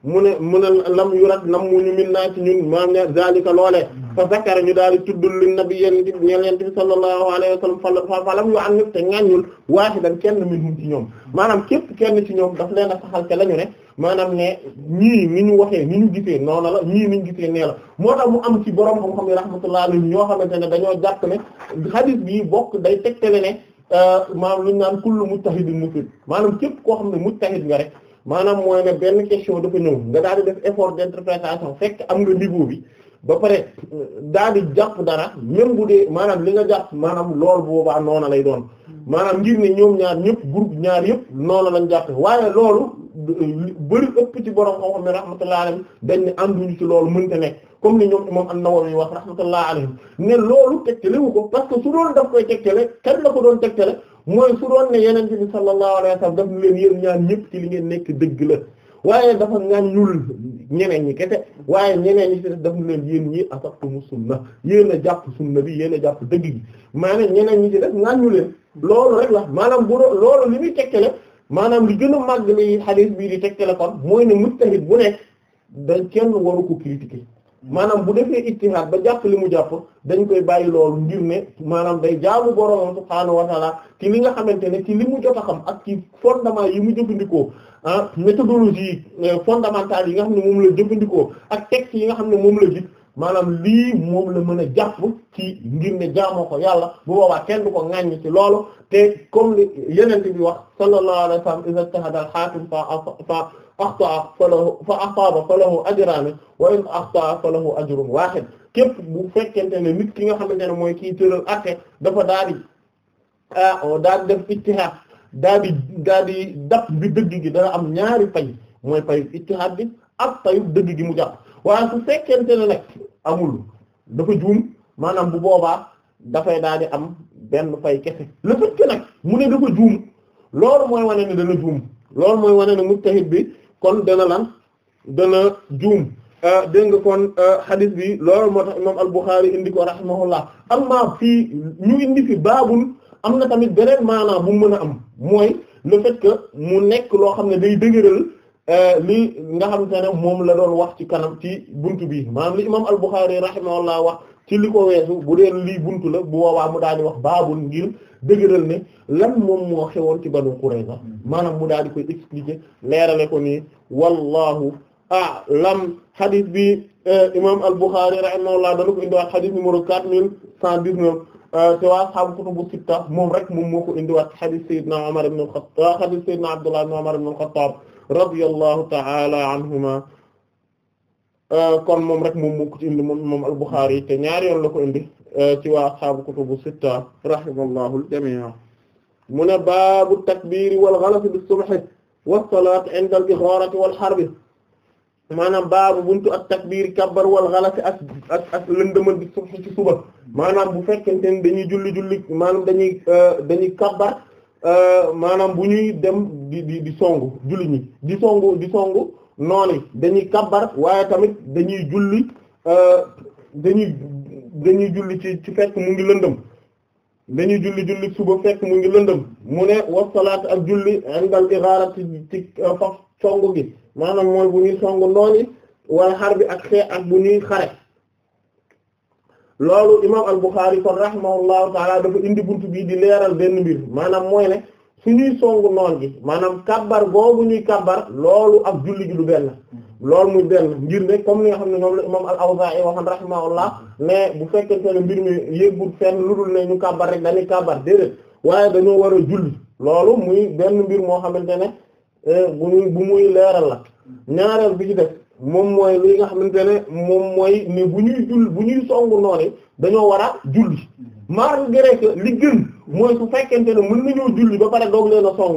mu ne mu ne lam yurat nam mu ñu min naa ci ñun maam ne zalika loolee fa zakara ñu daal di tuddul li nabi yenn ci ñeent bi sallallahu alayhi wa sallam fa fa kenn ñoom maanaam képp kenn ci ñoom daf leen a saxal te la ñu ne maanaam ne ñii ni ñu waxee ni ñu gisee noonu la ñii ni ñu gisee nee la moo tax mu am ci borom xam-xam yi rahmatullah alayhi ñoo xamante ne dañoo jàpp ne hadith bii bokk day tegtale ne euh, maanaam lu ñu naan kullu mujtahidin mufid maanaam képp koo xam ne mujtahid nga rek maanaam mooy ne benn question dafa ñëw nga daal di def effort d'interprétation fekk am nga niveau bi ba pare euh, daal di jàpp dara même bu dee maanaam li nga jàpp maanaam lool boobaa noona lay doon maanaam ngir ne ñoom ñaar ñëpp groupe ñaar yëpp noona lañ jàpp waaye loolu bëri ëpp ci borom xam-xam ne rahmatullah alayhim dañ ne ànduñu ci loolu mënta nekk comme ni ñoom imam an-Nawawi wax rahmatullah alayhim ne loolu tegtalewu ko parce que su doon daf koy tegtale kan la ko doon tegtale mooy su doon ne yeneen bi sallallahu alayhi wa sallam daf leen yéen ñaan ñëpp ti li ngeen nekk dëgg la waaye dafa ñaanul ñeneen ñi kese waaye ñeneen ñi ci def daf leen yéen ñi asabtumu sunna yéen a jàpp sunna bi yéen a jàpp dëgg gi maanaam ñeneen ñi ci def ñaanu leen loolu rek la maanaam bu loolu li muy tekkale maanaam li gën a màgg li hadith bii di tekkale kon mooy ne mujtahid bu nekk da kenn waru ko critiquer maanaam bu defee ijtihaad ba jàpp li mu jàpp dañ koy bàyyi loolu ngir ne maanaam day jaamu boroomam subhaanahu wa ta'ala ci li nga xamante ne ci li mu jot a xam ak kii fondement yi mu jëfandikoo ah méthodologie eh, fondamentale yi nga xam ne moom la jëfandikoo ak texte yi nga xam ne moom la gis maanaam lii moom la mën a jàpp ci ngir ne jaamoo ko yàlla bu boobaa kenn du ko ŋàññ ci loolu te comme li yeneen bi wax sallallahu alayhi wa sallam iza ijtahada al-hakim fa fa axtaa falahu fa wa in axtaa falahu ajrun waahid képp bu fekkente ne nit ki nga xamante ne mooy kii tëral atte dafa daal di ah, daal di def ijtihaad daal di daal bi dëgg gi dana am ñaari pay mooy payu ijtihaad bi ak payu dëgg gi mu jàpp waaye su fekkente ne nag amul dafa juum maanaam bu boobaa dafay daal di am benn fay kese le fait nag mu ne dafa juum loolu mooy wane ne dana juum loolu mooy wane ne mujtahid bi kon dana lan dana juum euh, dégg nga kon xadis euh, bi loolu moo tax imam al-Bukhari indi ko rahimahullah amma fii ñu indi fi baabul am na tamit beneen maanaam bu mën a am mooy le fait mu nekk loo xam ne day dëgëral Euh, li nga xamante ne moom la doon wax ci kanam ci bunt bi maanaam li imam al-Bukhari rahimahullah wax ci li ko weesu bu dee lii buntu la bu boobaa mu daal di wax baabul ngir dëgëral ne lan moom moo xewoon ci Banu Qurayza maanaam mu daal di koy expliquer leerale ko nii wallahu a'lam hadith bi euh, imam al-Bukhari rahimahullah dana ko indiwaat hadith numéro quatre mille cent dix-neuf euh, te waa xam kutubu sitta moom rek moom moo ko indiwaat hadith Seydina Umar ibn al-Khattab hadith Seydina Abdullah ibn Umar ibn al-Khattab radiyallahu ta'ala anhuma euh, kon moom rek moom moo ko ci indi moom moom al-Bukhari te ñaari yoon la ko indi euh, ci waa ashaabu kutubu sitta rahimallahu al-jamii' mu ne baabu takbiiri wal ghalasi bis-subhi was-salaati 'inda al-ighaarati wal harbi maanaam baabu buntu ak takbiiri kabbar wal ghalasi ak ak ak lëndëmal bis-subhi ci suba maanaam bu fekkente ni dañuy julli julli maanaam dañuy euh, dañuy kabbar maanaam bu ñuy dem. di di di songu di songu di dañuy kabbar waaye tamit dañuy julli euh, dañuy dañuy julli ci ci fekk mu ngi lëndëm dañuy julli julli suba fekk mu ngi lëndëm mu ne wasalaat ak julli indal iraara ci ci euh, faf songu gi maanaam mooy bu ñuy songu noonu wala xar bi ak xee ak bu ñuy xare loolu imam al Bukhari kon rahimahullahu taala dafa indi buntu bii di leeral benn mbir maanaam mooy ne su ñuy songu noon gi maanaam kabbar boobu ñuy kabbar loolu ak julli gi du benn loolu muy benn ngir ne comme li nga xam ne ñoom la imam al-Awzaa'i waxoon rahimahullah mais bu fekkente ne mbir mi yéggul fenn lu dul ne ñu kabbar rek dañuy de déedéet waaye dañoo war a julli loolu muy benn mbir moo xamante ne eh, bu muy leeral la ñaareel bi ci def moom mooy li nga xamante ne moom mooy ne bu ñuy jull bu ñuy songu noon yi dañoo war a julli malgré que li gën mooy su fekkente ne mën nañoo julli ba pare doog leen a song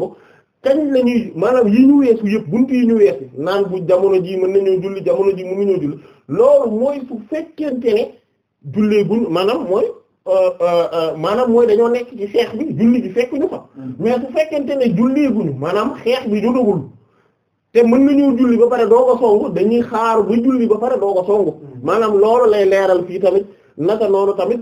kañ la ñuy maanaam yi ñu weesu yëpp bunt yi ñu weesu naan bu jamono ji mën nañoo julli jamono ji mën nañoo julli loolu mooy su fekkente ne maanaam mooy euh, euh, euh, maanaam dañoo nekk ci xeex bi julli bi fekk ñu fa hmm. mais su fekkente ne jullee maanaam xeex bi jotagul te mën nañoo julli ba pare doog ko song dañuy xaar ba julli ba pare doog a song hmm. maanaam loolu lay leeral fii tamit naka noonu tamit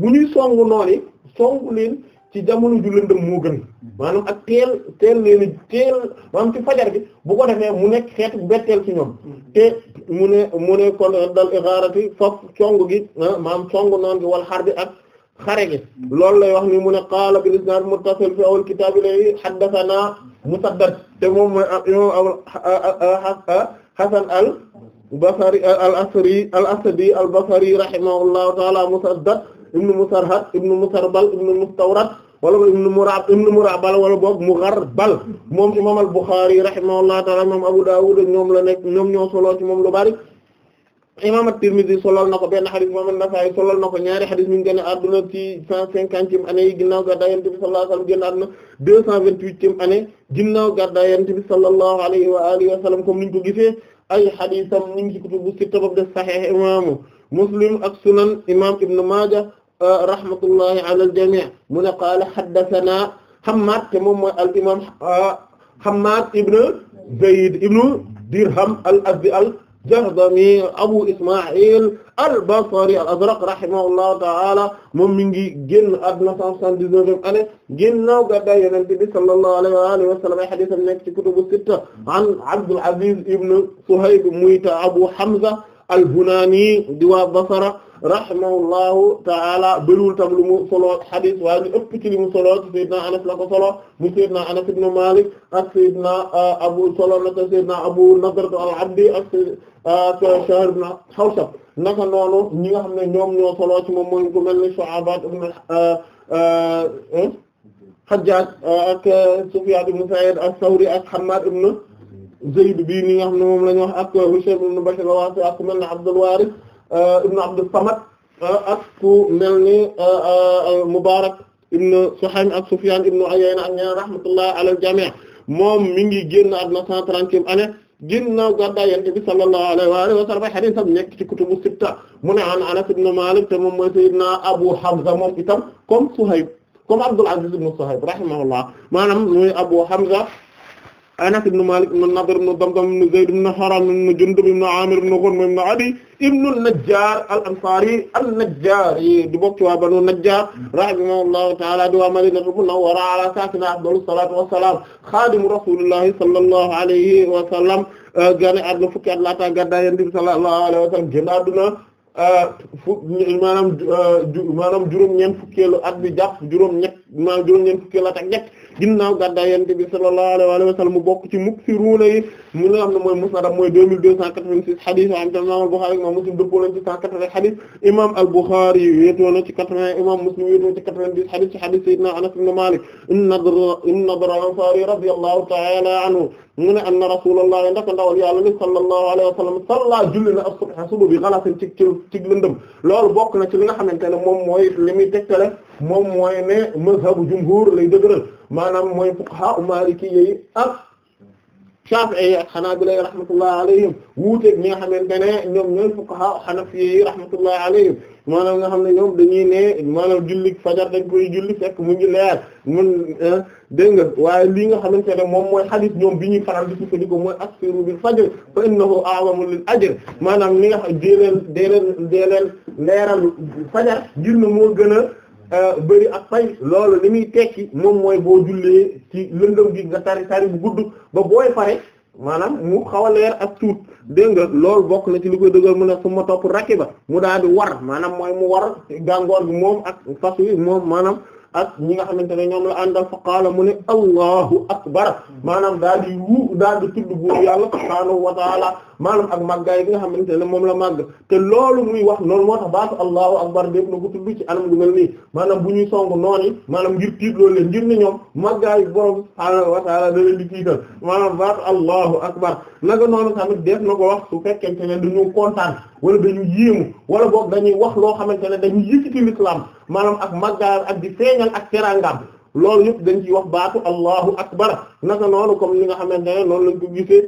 bu ñuy songu noonu songu leen ci jamono ju lëndëm moo gën maanaam ak teel teel leen teel maanaam ci fajar bi bu ko defee mu nekk xeetu betteel ci ñoom te mu ne mu ne kon dal igharati foof gi ah, maanaam song noon gi wal xar bi ak xare gi loolu lay wax ni mu ne qaala bil isnaad muttasil fi awal kitaab ilay haddathana musaddad te moom mooy imam hasan al basri al asri al asadi al basri rahimahullahu ta'ala musaddad ibnu Musarhad ibnu Musarbal ibnu Mustawrad ba ibnu Murab ibnu Murabal wala boog Mugharbal moom imam al-Bukhari rahimahullahu ta'ala moom Abu Dawud ñoom la nekk ñoom ñoo solo ci moom lu bari imam at solol na ko benn xadis imam an-Nasa'i solol na ko ñaari xadis mi ngi génn àdduna ci cent cinquantième année yi ginnaaw gàddaay yonent sallallahu alayhi wa sallam génn àdduna ko gisee ay xadisam ñu ngi ci kutubu sitta de sahih imam Muslim ak sunan imam Ibn rahmatullahi ala al-jami' mu ne qaala haddathana Hammad te moom mooy al imam ah, Hammad ibn Zayd ibn Dirham al-Azdi al-Jahdami Abu Isma'il al-Basri al-Azraq rahimahullahu ta'ala moom mi ngi génn àdduna 179 année ginnaaw gàddaay Yonent bi sallallahu alayhi wa alihi wa sallam ay hadith nekk ci kutubu sitta an Abdul Aziz ibn Suhayb muy ta Abu Hamza al-Bunani di waa Basra rahimahullahu ta'ala bëriwul tam lu mu solo xadis waaye lu mu solo Seydina Anas la ko solo mu Seydina Anas ibn Malik ak Seydina uh, Abu solo la ko Abu Nadr al-Abdi ak uh, Shahr ibn Hawshab naka noonu ñi nga xam ne ñoom ñoo solo ci moom mooy ku mel ni Shu'ba ibn uh, eh? Hajjaj ak Sufyan ibn Sa'id as-Sawri ak Hammad ibn Zayd bii ni nga xam ne moom la ñu wax ak mel ne Abdul Euh, ibn Abdus Samad euh, ak ku mel ni euh, Mubarak ibn Suhaym ak Sufyan ibn Uyayna ak ñeneen rahmatullah ala al-jami' moom mi ngi génn àdduna 130e année ginnaaw gàddaay Yonent bi sallallahu alayhi wa alihi wa sallam hadith am nekk ci kutubu sitta mu ne an Anas ibn Malik te moom mooy sayyidina Abu Hamza moom itam comme Suhayb comme Abdul Aziz ibn Suhayb rahimahullah maanaam mooy Abu Hamza Anas ibn Malik ibn Nadr ibn Damdam ibn Zayd ibn Haram ibn Jundub ibn Amir ibn Ghurm ibn Adi ibn an-Najjar al-Ansari an-Najjari di bokk ci waa Banu Najjar rahimahullahu ta'ala di waa Madinatul Munawwara ala saakinihaa afdalu salaatu wa salaam xaadimu rasuulillahi sallallahu alayhi wa sallam gane àdduna fukki at laata gàddaay Yonent bi sallallahu alayhi wa sallam génn àdduna Euh, fu maanaam euh, maanaam juróom ñeen fukkeelu at bi jàpp juróom-ñett maanaam juróom-ñeent fukkeelu at ak ñett ginnaaw gàddaay yonent bi sallallahu alayhi wa sallam mu bokk ci muksiruna yi mu nga xam mooy musnadam mooy deux mille deux cent quatre-vingt-six xadis yoo xam te imaam al-Bukhari imaam Muslim dëppoo lañ cent quatre-vingts xadis imaam al-Bukhari na Malik ibn Nadr al-Ansari radiyallahu ta'ala anhu mu ne anna rasulullah ndaka ndawal yàlla ni sallallahu alayhi wa sallam salla julli na as-subha suba bi xalasin ci ci ci lëndëm loolu bokk na ci li nga xamante ne moom mooy li muy tegtale moom mooy ne mazhabu jumhur lay dëgëral maanaam mooy fuqaha maliki yi ak Shafi'i ak Hanabila rahmatullahi alayhim wuuteeg ñi nga xamante ne ñoom ñooy fuqaha Hanafi rahmatullahi alayhim maanaam nga xam ne ñoom dañuy ne maanaam julli fajar dañ koy julli fekk mu ngi leer mun ah, dégg nga waaye lii nga xamante ne moom mooy hadith ñoom bi ñuy faral di sukkandiku mooy aksiru bil fajr fa innahu a'zamu lil ajr maanaam li nga xam dee leen dee leen dee leen leeral fajar ngir ne moo gën a Euh, bëri ak fay loolu li muy tekki moom mooy boo jullee ci lëndëm gi nga tari tari bu gudd ba booy pare maanaam mu xaw a leer ak tuut dégg nga loolu bokk na ci li koy dëggal mu ne su ma topp ba mu daal di war maanaam mooy mu war gàngoor gi moom ak fas wi moom maanaam ak ñi nga xamante ne ñoom la àndal fa qaala mu ne allahu akbar maanaam daal di wu daal di tudd buur yàlla subhaanahu wa taala maanaam ak màggaay gi nga xamante ne moom la màgg te loolu muy wax loolu moo tax baatu allahu akbar def na ko tudd ci anam gu mel nii maanaam bu ñuy song noonu maanaam ngir tiit loolu leen ngir ne ñoom màggaay borom subhaanahu wa taala da leen di tiital maanaam baatu allahu akbar naka noon tamit def na ko wax su fekkente ne dañu kontaan wala dañu yéemu wala boog dañuy wax loo xamante ne dañu yëkkati l'islam maanaam ak màggaar ak di feeñal ak terangam loolu yëpp dañ ciy wax baatu allahu akbar naka noonu comme li nga xamante ne noonu lañ ko gisee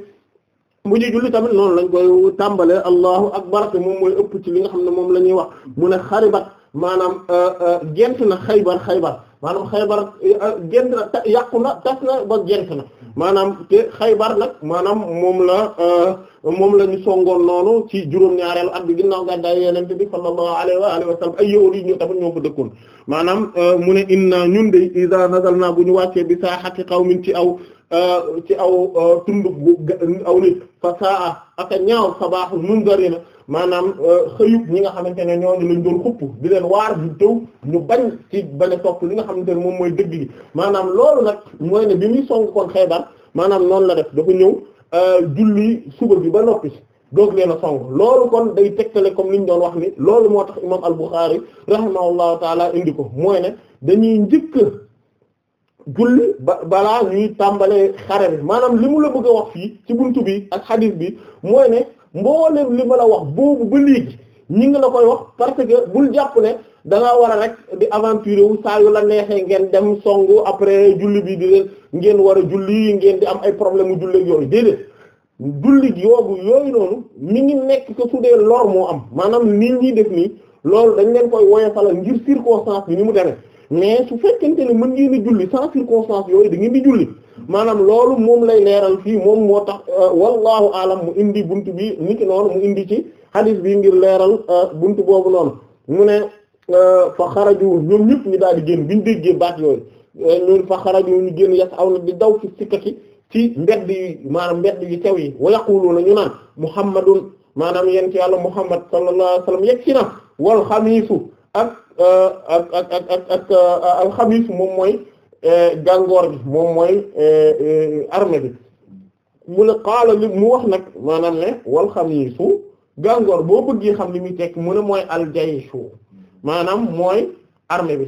bu tamit noonu lañ koy tàmbalee allahu akbar te moom mooy ëpp ci li nga xam ne moom la ñuy wax mu ne xaribat maanaam euh, euh, gent na xaybar xaybar maanaam xaybar euh, gent na yàqu na tas na ba gent na maanaam te Xaybar nag maanaam moom la euh, moom la ñu songoon noonu ci juróom-ñaareelu at bi ginnaaw gàddaay Yonent bi sallallahu alayhi wa alihi wa sallam ay yahuud yi ñu tamit dëkkoon maanaam euh, mu ne inna ñun de iza naa bu ñu wàccee bi saahati qawmin ci aw euh, ci aw tund bu aw nit fa saa aka ñaaw sabahul munzarina maanaam euh, xëyub ñi nga xamante ne ñooñu lañ doon xupp di leen waar bu tëw ñu bañ ci bañ a topp li nga xamante ne moom mooy dëgg yi maanaam loolu nag mooy ne bi muy song kon Xaybar maanaam noonu la def dafa ñëw euh, julli suba bi ba noppi doog leen a song loolu kon day tegtale comme li ñu doon wax ni loolu moo tax imaam al-Bukhari rahimahullahu taala indi ko mooy ne dañuy njëkk julli ba balaa ñuy tàmbalee xare bi maanaam li mu la bëgg a wax fii ci buntu bi ak xadiis bi mooy ne mboolem li ma la wax boobu ba léegi ñi ngi la koy wax parce que bul jàpp ne da war a rek di aventure wu saa yu la neexee ngeen dem song après julli bi di leen ngeen war a julli ngeen di am ay problème mu julli ak yooyu déedéet julli yoogu yooyu noonu mi ngi nekk ko su dee lor moo am maanaam nit ñi def nii loolu dañ leen koy woyofalal ngir circonstance bi ni mu demee mais su fekkente ne mën ngeen di julli sans circonstance yooyu da ngeen di julli. maanaam loolu moom lay leeral fii moom moo tax euh, wallahu alam mu indi bunt bi niki noonu mu indi ci hadith bi ngir leeral euh, bunt boobu noonu mu ne euh, fa xaraju ñoom ñëpp ñu daal di génn bi ñu baat yooyu ñun fa xaraju ñu génn yas aw na di daw ci sikkati ci mbedd yi maanaam mbedd yi tew yi wa yaquluuna ñu naan muhammadun maanaam yéen ci yàlla muhammad sallallahu alayhi wa sallam yegg na wal xamiisu ak ak ak ak ak alxamiisu moom mooy. Eh, gàngoor bi moom mooy eh, eh, armée bi mu ne qaala mu wax nag maanaam ne wal xamiisu gàngoor boo bëggee xam li muy tekk mu ne mooy aljaysu maanaam mooy armée bi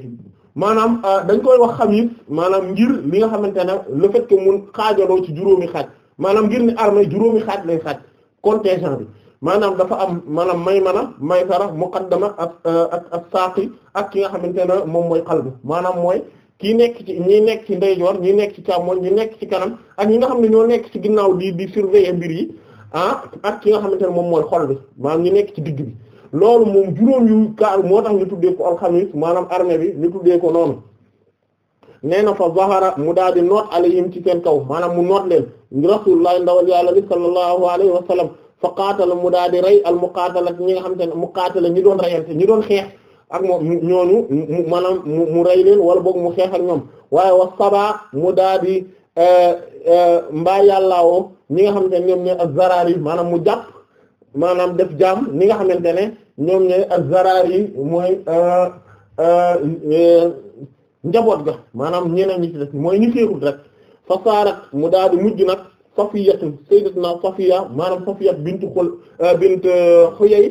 maanaam ah, dañ koy wax xamiis maanaam ngir li nga xamante ne le fait que mun xaajaloo ci juróomi xaaj maanaam ngir ni armée juróomi xaaj lay xaaj contingent bi maanaam dafa am maanaam may maysara muqaddama ak ah, ak ak saaqi ak ki nga xamante ne moom mooy qalbu maanaam mooy kii nekk ci ñi nekk ci ndeyjoor ñi nekk ci càmmoñ ñi nekk ci kanam ak ñi nga xam ne ñoo nekk ci ginnaaw di di surveiller mbir yi ah ak ki nga xamante ne moom mooy xol bi maanaam ñi nekk ci digg bi loolu moom juróom yu kaar moo tax ñu tuddee ko alxamis maanaam armee bi ñu tuddee ko noonu nee na fa zahara mu daal di noot alayhim ci seen kaw maanaam mu noot leen rasulullah ndawal yàlla bi sallallahu alayhi wa sallam fa qaatala mu daal di rey al muqaatala ñi nga xamante ne muqaatala ñi doon reyante ñi doon xeex ak moom ñooñu mu maanaam mu rey leen wala boog mu xeex ak ñoom waaye wa sabaa mu daa di eh, eh, mbaa yàllaawoo ñi nga xamante ne ñoom ñooy azzaraar yi maanaam mu jàpp maanaam def jaam ñi nga xamante ne ñoom ñooy azzaraar yi mooy eh, njaboot ga maanaam ñeneen ñi ci def mooy ñu féexul rek fa saarat mu daa di mujj nag safiyatun sayyidatuna safiya maanaam safiya bint xul bint xuyay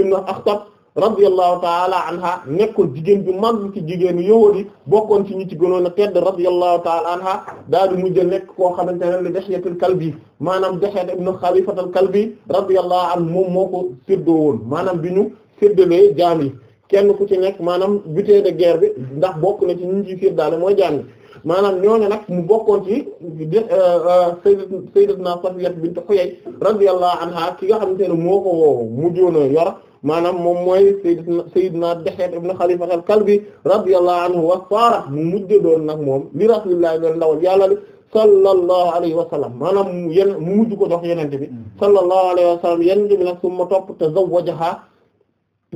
ibn akhtab radiyallahu taala anha nekkoon jigéen ju mag ci jigéenu yowadi bokkoon ci ñi ci gënoon a tedd radiyallahu taala anha daal di mujj a nekk koo xamante ne li Dihyatul Kalbi maanaam Dihya ibn Khalifatul Kalbi radiyallahu anhu moom moo ko séddoo woon maanaam bi ñu séddalee jaam yi kenn ku ci nekk maanaam butin de guerre ndax bokk na ci ñi ciy séddaale mooy jaam yi maanaam ñooñu nag mu bokkoon ci sayyidat euh, euh, sayyidatna Safiyyat bint Huyay radiyallahu anha ki nga xamante ne moo ko woo mujjoon a maanaam moom mooy sayyidna sayyidna Dihyak ibn Khalifa al-Kalbi radiyallahu anhu wa saara mu mujj doon nag moom li rasulillahi doon ndawal yàlla li sallallahu alayhi wa sallam maanaam mu yen mu mujj ko jox yenente bi mm. sallallahu alayhi wa sallam yenente bi nag summa topp tazawwajaha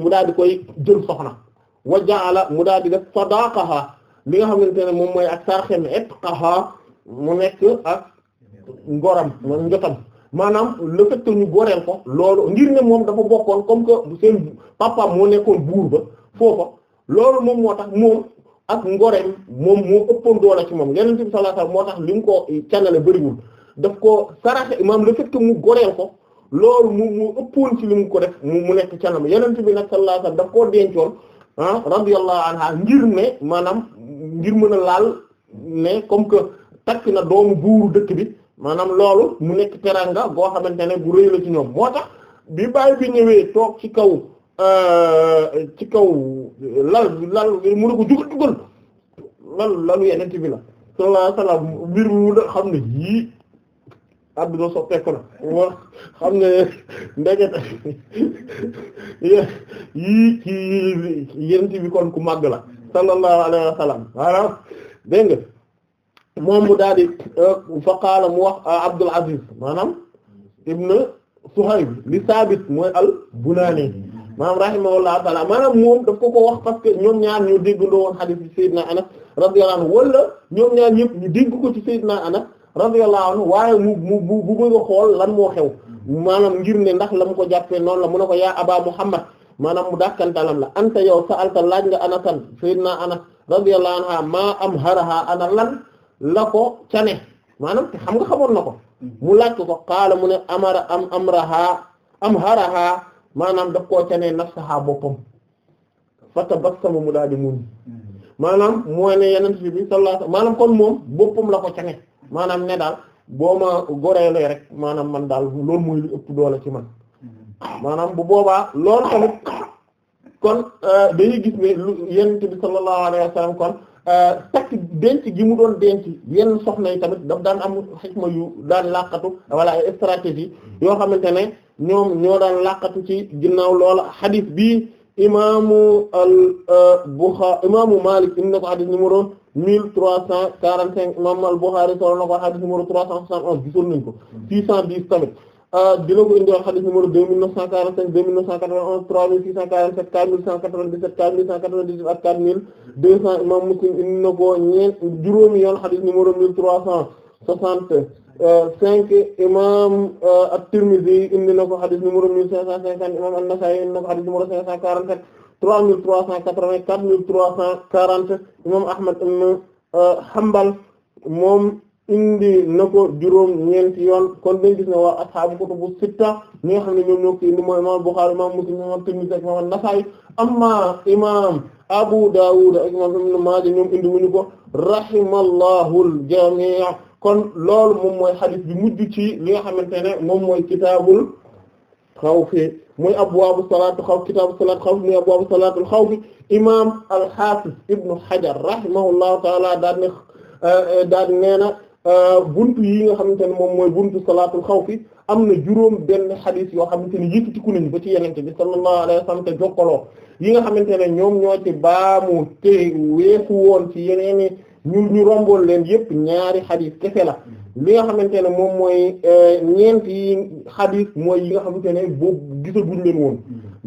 mu daal di koy jël soxna wa ja'ala mu daal di def sadaqaha li nga xamante ne moom mooy ak sarxem itqaha mu nekk ak ngoram man njotam maanaam le fait ñu goreel ko loolu ngir ne moom dafa bokkoon comme que seen papa moo nekkoon buur ba foofa loolu moom moo tax moom ak ngoreem moom moo ëppoon doole ci moom yeneen bi sallallahu alayhi moo tax li mu ko canale bëriwul daf ko saraxe maanaam le fait mu goreel ko loolu moom moo ëppoon ci li mu ko def mu nekk canam yeneen bi nag sallallahu alayhi wasallam daf koo dencoon ah radiyallahu anha ngir ne maanaam ngir mën a laal ne comme que takk na doomu buuru dëkk bi maanaam loolu mu nekk teraanga boo xamante ne bu rëy la ci ñoom moo tax bi bàyyi bi ñëwee toog ci kaw euh, ci kaw lal lal mu ne ko jugal jugal lal lalu yenent bi la sallallahu alayhi wasallam mbir mu da xam ne yii adduna soppeeku na wax xam ne ndegete yii ci yenent kon ku màgg la sallallahu alayhi wasallam waaw moom mu daal di euh, fa qaala mu wax euh, Abdul Aziz maanaam ibn Suhayb li Saabit mooy al-Bunani maanaam rahimahullahu taala maanaam moom daf ko ko wax parce que ñoom ñaar ñu déggandoo woon xadiis ci Seydina Anas radiyallahu anhu wala ñoom ñaar ñëpp ñu dégg ko ci Seydina Anas radiyallahu anhu waaye mu bëgg xool lan moo xew maanaam ngir ne ndax la mu ko jàppee noonu la mu ne ko yaa Aba Muhammad maanaam mu dàkkantalam la anta yow sa'alta laaj nga Anasan Seydina Anas radiyallahu anha maa amharaha ana lan la ko ca maanaam te xam nga xamoon na ko mm-hmm. mu laaj ko ko xaala mu ne amara am amraha am haraha maanaam daf koo ca ne nafsaha boppam fatabassama mu daal di muñ mm-hmm. maanaam mooy ne yeneen bi sallallahu alayhi maanaam kon moom boppam la ko ca maanaam ne daal boo ma goreelee rek maanaam man daal loolu mooy lu ëpp doole ci man mm-hmm. maanaam bu boobaa loolu tamit kon euh, dañuy gis ne lu yonent bi sallallahu alayhi wa kon Euh, takk denc gi mu doon denc yenn soxna tamit daf daan am xikma yu daan laqatu wala ay stratégie yoo xamante ne ñoom ñoo daan laqatu ci ginnaaw loola xadis bi imaamu al euh, Buxaari imaamu Maalik indi na ko xadis numéro mille trois cent quarante cinq imaamu al Buxaari solo na ko xadis numéro trois cent soixante onze gisoon nañ ko six cent dix tamit Ah, dina ko indiwaat xadis numéro deux mille neuf cent quarante cinq deux mille neuf cent quatre-vingt-onze trois mille six cent quarante-sept quatre mille cent quatre-vingt-dix-sept quatre mille cent quatre-vingt-dix-huit ak quatre mille deux cents imam Muslim indi na ko ñeent juróomi yoon xadis numéro mille trois cent soixante ah, cinq imam ah, at-Tirmidhi indi na ko xadis numéro mille cinq cent cinquante imam an-Nasa'i indi na ko xadis numéro cinq cent quarante-sept trois mille trois cent quatre-vingt quatre mille trois cent quarante imam Ahmad ibn Hanbal moom indi na ko juróom ñeenti yoon kon dañ gis ne waa ashaabu kutubu sitta ñi nga ne ñoom ñoo ko indi mooy imam Bukhari imam Muslim imam Tirmidhi ak ma Nasa'i amma imam Abu Dawud ak imam Ibn Maaja ñoom indi wuñu ko rahimallahu moom mooy hadith bi mujj nga xamante ne moom mooy kitaabul xawfi muy abwaabu salaatu xawf kitaabu salaatu xawf muy abwaabu salaatul xawfi imaam al-Hafiz Ibn Hajar rahimahullahu ta'ala daal ne eh, eh, daal Euh, buntu yi nga xamante ne moom mooy buntu salaatul xawfi am na juróom benn xadis yoo xamante ne yëkkatiku nañu ba ci yenente bi sallallahu alayhi wa sallam te jokkaloo yi nga xamante ne ñoom ñoo ci baamu te weesu woon ci yeneeni ñu ñu romboon leen yépp ñaari xadis kese la li nga xamante ne moom mooy eh, ñeenti xadis mooy yi nga xamante ne boobu gisaguñ leen woon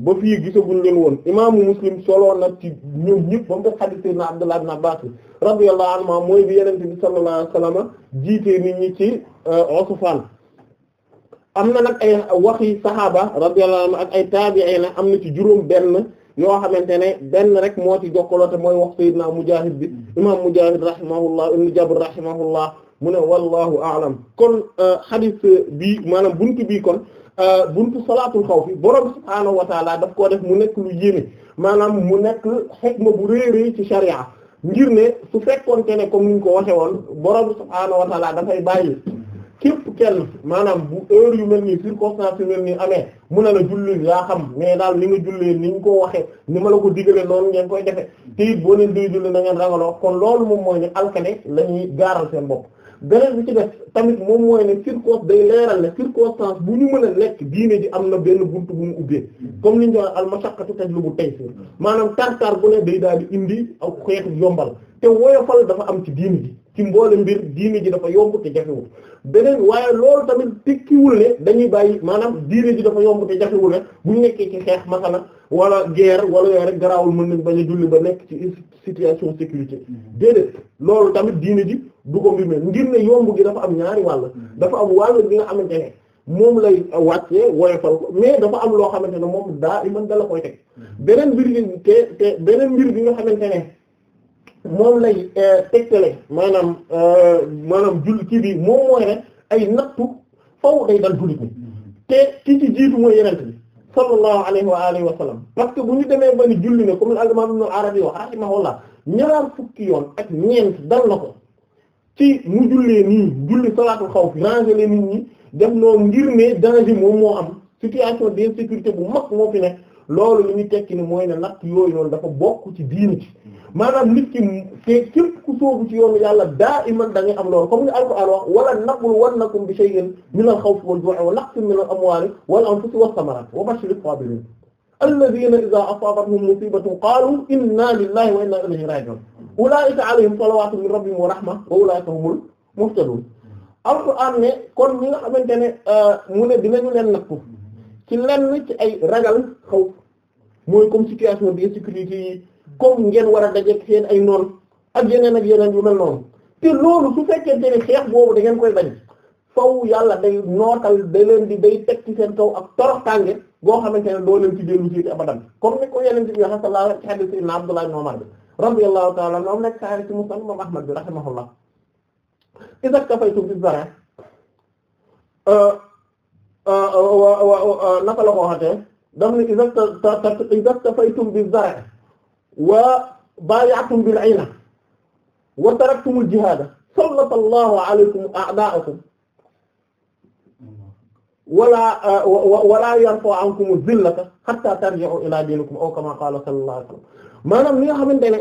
ba fii gisaguñ leen woon imaamu muslim solo na ci ñoom ñëpp ba mu def xadis sayyidina Abdullah ibn Abbas radiyallahu anhu mooy bi yenente bi sallallahu alayhi wasallam jiitee nit ñi ci eh, am na nag ay waxi saxaaba radiyallahu anhu ak ay taabi'iina am na ci juróom benn yoo xamante ne benn rek moo ci jokkaloo te mooy wax sayyidna Mujaahid bi imam Mujaahid rahimahullah ibn Jabr rahimahullah mu ne wallahu a'lam kon euh, hadith bii maanaam buntu bii kon euh, buntu salaatul xawfi borom subhaanahu wa taala daf koo def mu nekk lu yéeme maanaam mu nekk xikma bu rëy rëy ci sharia ngir ne su fekkoonte ne comme ni ko waxe woon borom subhaanahu wa dafay bàyyi képp kenn maanaam bu heure yu mel nii circonstance yu mel nii amee mu ne la julli yaa xam mais daal li nga jullee ni ñu ko waxee ni ma la ko digalee noonu ngeen koy defe te it boo leen di julli na ngeen rangaloo kon loolu moom mooy ne alkane la ñuy gaaral seen bopp beneen bi ci def tamit moom mooy ne circonstance day leeral ne circonstance bu ñu mën a nekk diine ji am na benn buntu bu mu ubbee comme li ñu wax al-mashaqqatu tajlibu taysir maanaam tartar bu ne day daal di indi ak yombal te woyofal dafa am ci diine ji ci mboole mbir diine ji dafa yomb te jafewul beneen waaye loolu tamit tekkiwul ne dañuy bàyyi maanaam diine ji dafa yomb te jafewul ne buñ nekkee ci xeex masala wala guerre wala yooyu rek garaawul mën nañ bañ a julli ba nekk ci situation sécurité mm-hmm. déedéet loolu tamit diine ji du ko mbir ngir ne yomb gi dafa am ñaari wàll mm-hmm. dafa am wàll gi nga xamante ne moom lay wàccee woyofal ko mais dafa am loo xamante ne moom daa man da la koy teg mm-hmm. beneen mbir gi te beneen mbir bi nga xamante ne moom lay euh, tegtale maanaam euh, maanaam julli kii bi moom mooy ne ay nattu faw day dal jullit ni te ki ci jiitu mooy yenent bi sallallahu alayhi wa alihi wa sallam parce que bu ñu demee ba ni julli ne comme al-imam Ibn Arabi wa rahimahullah ñaar fukki yoon ak ñeent dal na ko ci mu jullee nii julli salaatul xawf rangele nit ñi def noonu ngir ne danger moom moo am situation d'insécurité bu mag moo fi nekk loolu li ñu tekki ni mooy ne natt yooyu noonu dafa bokk ci diini ci maanaam nit ki te képp ku soobu ci yoonu yàlla daa iman da ngay am loolu comme ni alquran wax wala nabluwannakum bi shay'in min al-khawfi wal-ju'i wa naqsin min al-amwali wal-anfusi wath-thamarati wa bashir as-sabirin alladhina idha asabathum musibatun qalu inna lillahi wa inna ilayhi raji'un ulaika alayhim salawatun min rabbihim wa rahma wa ulaika humul muhtadun alquran ne kon ñi nga xamante ne euh, mu ne dinañu leen nattu ci lenn ci ay ragal xaw mooy comme situation de sécurité yi comme ngeen war a dajeeg seen ay noon ak yeneen ak yeneen yu mel noonu te loolu su fekkente ni xeex boobu da ngeen koy bañ faw yàlla day nootal da leen di day teg ci seen kaw ak torox tànge boo xamante ne doo leen ci dellu ci abadan comme ni ko yeneen bi wax sallallahu alayhi wa sallam ci hadith Abdullah ibn Umar bi radiyallahu ta'ala anhu nekk saari ci Musnad Ahmad bi rahimahullah iza kafaytum bi zara naka la ko waxatee daf ni iza tafaytum bi zar' wa bay'atum bil 'ayna wa taraktum al jihaada sallata allahu alaykum a'da'akum wala wala yarfa'u ankum zillata hatta tarji'u ila dinikum aw kama qala sallallahu alayhi wa sallam maanaam li nga xamante ne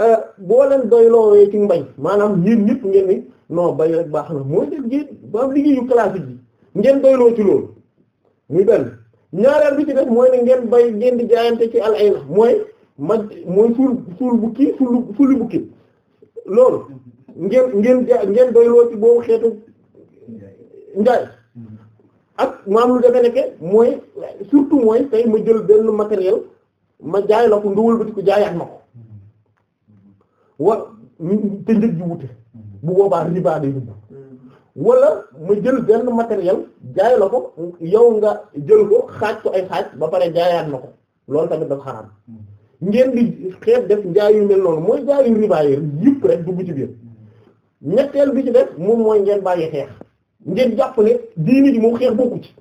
euh, boo leen doyloowee ci mbay maanaam yéen ñëpp ngeen ni non bay rek baax na mooy def géen ba liggéeyu classique bi ngeen doyloo ci loolu muy benn ñaareel bi ci def mooy ne ngeen bay ngeen di jaayante ci al ayna mooy maj mooy suul suul bukki suul suuli bukki loolu ngeen ngeen ngeen doyloo ci boobu xeetu njaay ak maam lu defe nekke mooy surtout mooy tey ma jël benn matériel ma jaay la ko nga wëlbati ko jaayaat ma ko wa te njëg ji wute bu boobaa ribaa day dugg wala ma jël benn matériel jaay la ko yow nga jël ko xaaj ko ay xaaj ba pare jaayaat na ko loolu tamit dafa xaraam ngeen di xeet def jaay yu mel noonu mooy jaay yu riba yi yëpp rek dugg ci biir ñetteel bi ci def moom mooy ngeen bàyyi xeex ngeen jàpp ne diini ji moom xeex bokku ci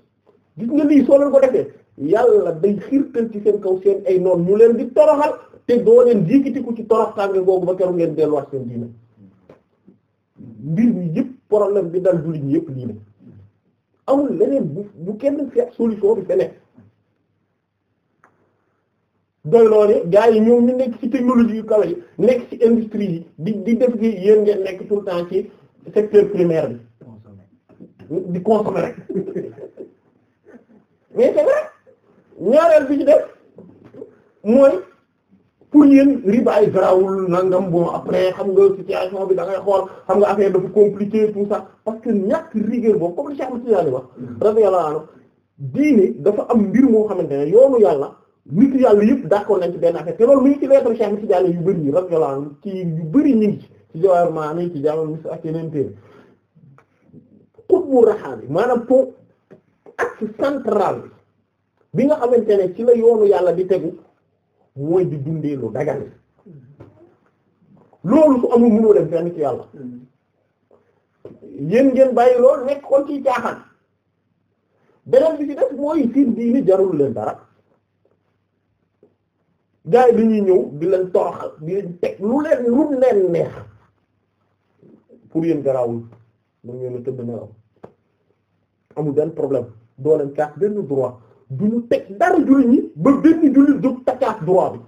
gis nga lii soo leen ko defee yàlla day xiirtal ci seen kaw seen ay noon ñu leen di toroxal te doo leen ko ci torox tànge googu ba keroog ngeen delluwaat seen diina mbir mi yëpp problème bi dal jullit ñi yëpp lii amul leneen bu bu kenn seet solution bi feneen doy loo ne yi ñoom ñu nekk ci technologie yu kawe yi nekk ci industrie yi di di def gi yéen ngeen nekk tout le temps ci secteur primaire bi di consommer rek mais c'est vrai ñaareel bi ci def mooy pour yéen riba ay garawul nangam bon après xam nga situation bi da ngay xool xam nga affaire dafa compliqué tout ça parce que ñàkk rigueur boobu comme li Cheikh Moussa Diagne wax. Hmm. radiyallahu anhu diine dafa am mbir moo xamante ne yoonu yàlla nit yàlla yëpp d'accord nañ ci benn affaire te loolu mu ngi ci lettre Cheikh Moussa Diagne yu bëri yi radiyallahu anhu ci yu bëri ñu ngi ci ci Jawahir Ma'ani ci Jamal Miss ak yeneen téere qutbu raxaabi maanaam po axe central bi nga xamante ne ci la yoonu yàlla di tegu. mooy di dundee lu dagan loolu su amul mënoo dem fenn ci yàlla yéen ngeen bàyyi loolu nekk kon ci caaxaan beneen bi ci def mooy seen diini jarul leen dara gars yi dañuy ñëw di leen toroxal di leen teg lu leen lu leen neex pour yéen garaawul moom ngeen la tëdd nelaw amul benn problème doo leen kaas benn droit du ñu teg dara jullit ñi ba benn jullit jóg takkaat droit bi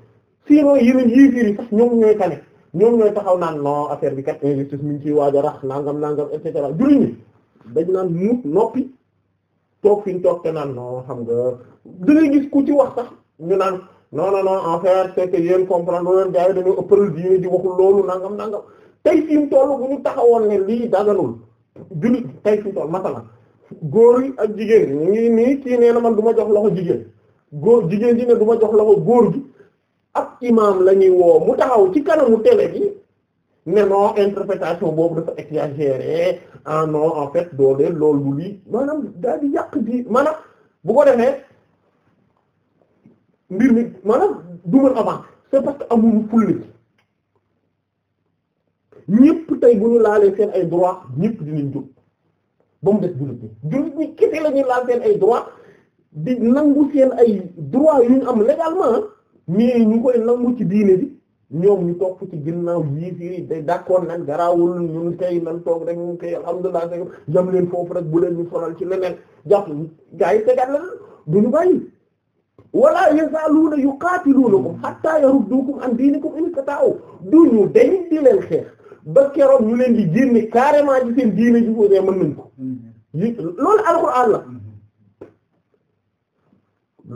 sinon yeneen yéeféer ñoom ñooy tane ñoom ñooy taxaw naan noo affaire bi kat injustice mi ngi ciy waaj a nangam nangam et cetera jullit ñi naan muut noppi toog fi ñu toog te naan non xam nga da ngay gis ku ci wax sax ñu naan non non non en fait c'est yéen comprendre leen gars yi dañoo ëppal diine ji waxul loolu nangam nangam tey fi mu toll bu ñu taxawoon ne lii daganul jullit tey fi mu toll masalan góor yi ak jigéen ñu ngi nii kii nee na man duma jox loxo jigéen góor jigéen ji duma jox loxo góor gi ak imaam la ñuy woo mu taxaw ci kanamu télé bi ne non interprétation boobu dafa exagéré ah non en fait dooleel lool bu lii maanaam daal di yàq di maanaam bu ko defee mbir mi maanaam du mën avant c'est parce que amuñu fulla ñépp tey bu ñu laalee seen ay droit ñépp dinañ jóg ba mu def jullit ñi jullit ñi kese la ñuy laal seen ay droit di nangu seen ay droit yu ñu am légalement mais ñu koy nangu ci diine bi ñoom ñu topp ci ginnaaw yii fii day d'accord nag garaawul ñun tey nan toog rek ñun tey alhamdulilah tey jam leen foofu rek bu leen ñu sonal ci leneen jàpp gaa yi tegaat la du ñu bàyyi wala yazaaluuna yuqaatiluunakum hattaa yarudduukum an diinikum in istata'uu du ñu dañ di leen xeex ba keroog ñu leen di génne carrément ci seen diine ji boobee mën nañ ko loolu alxuraan la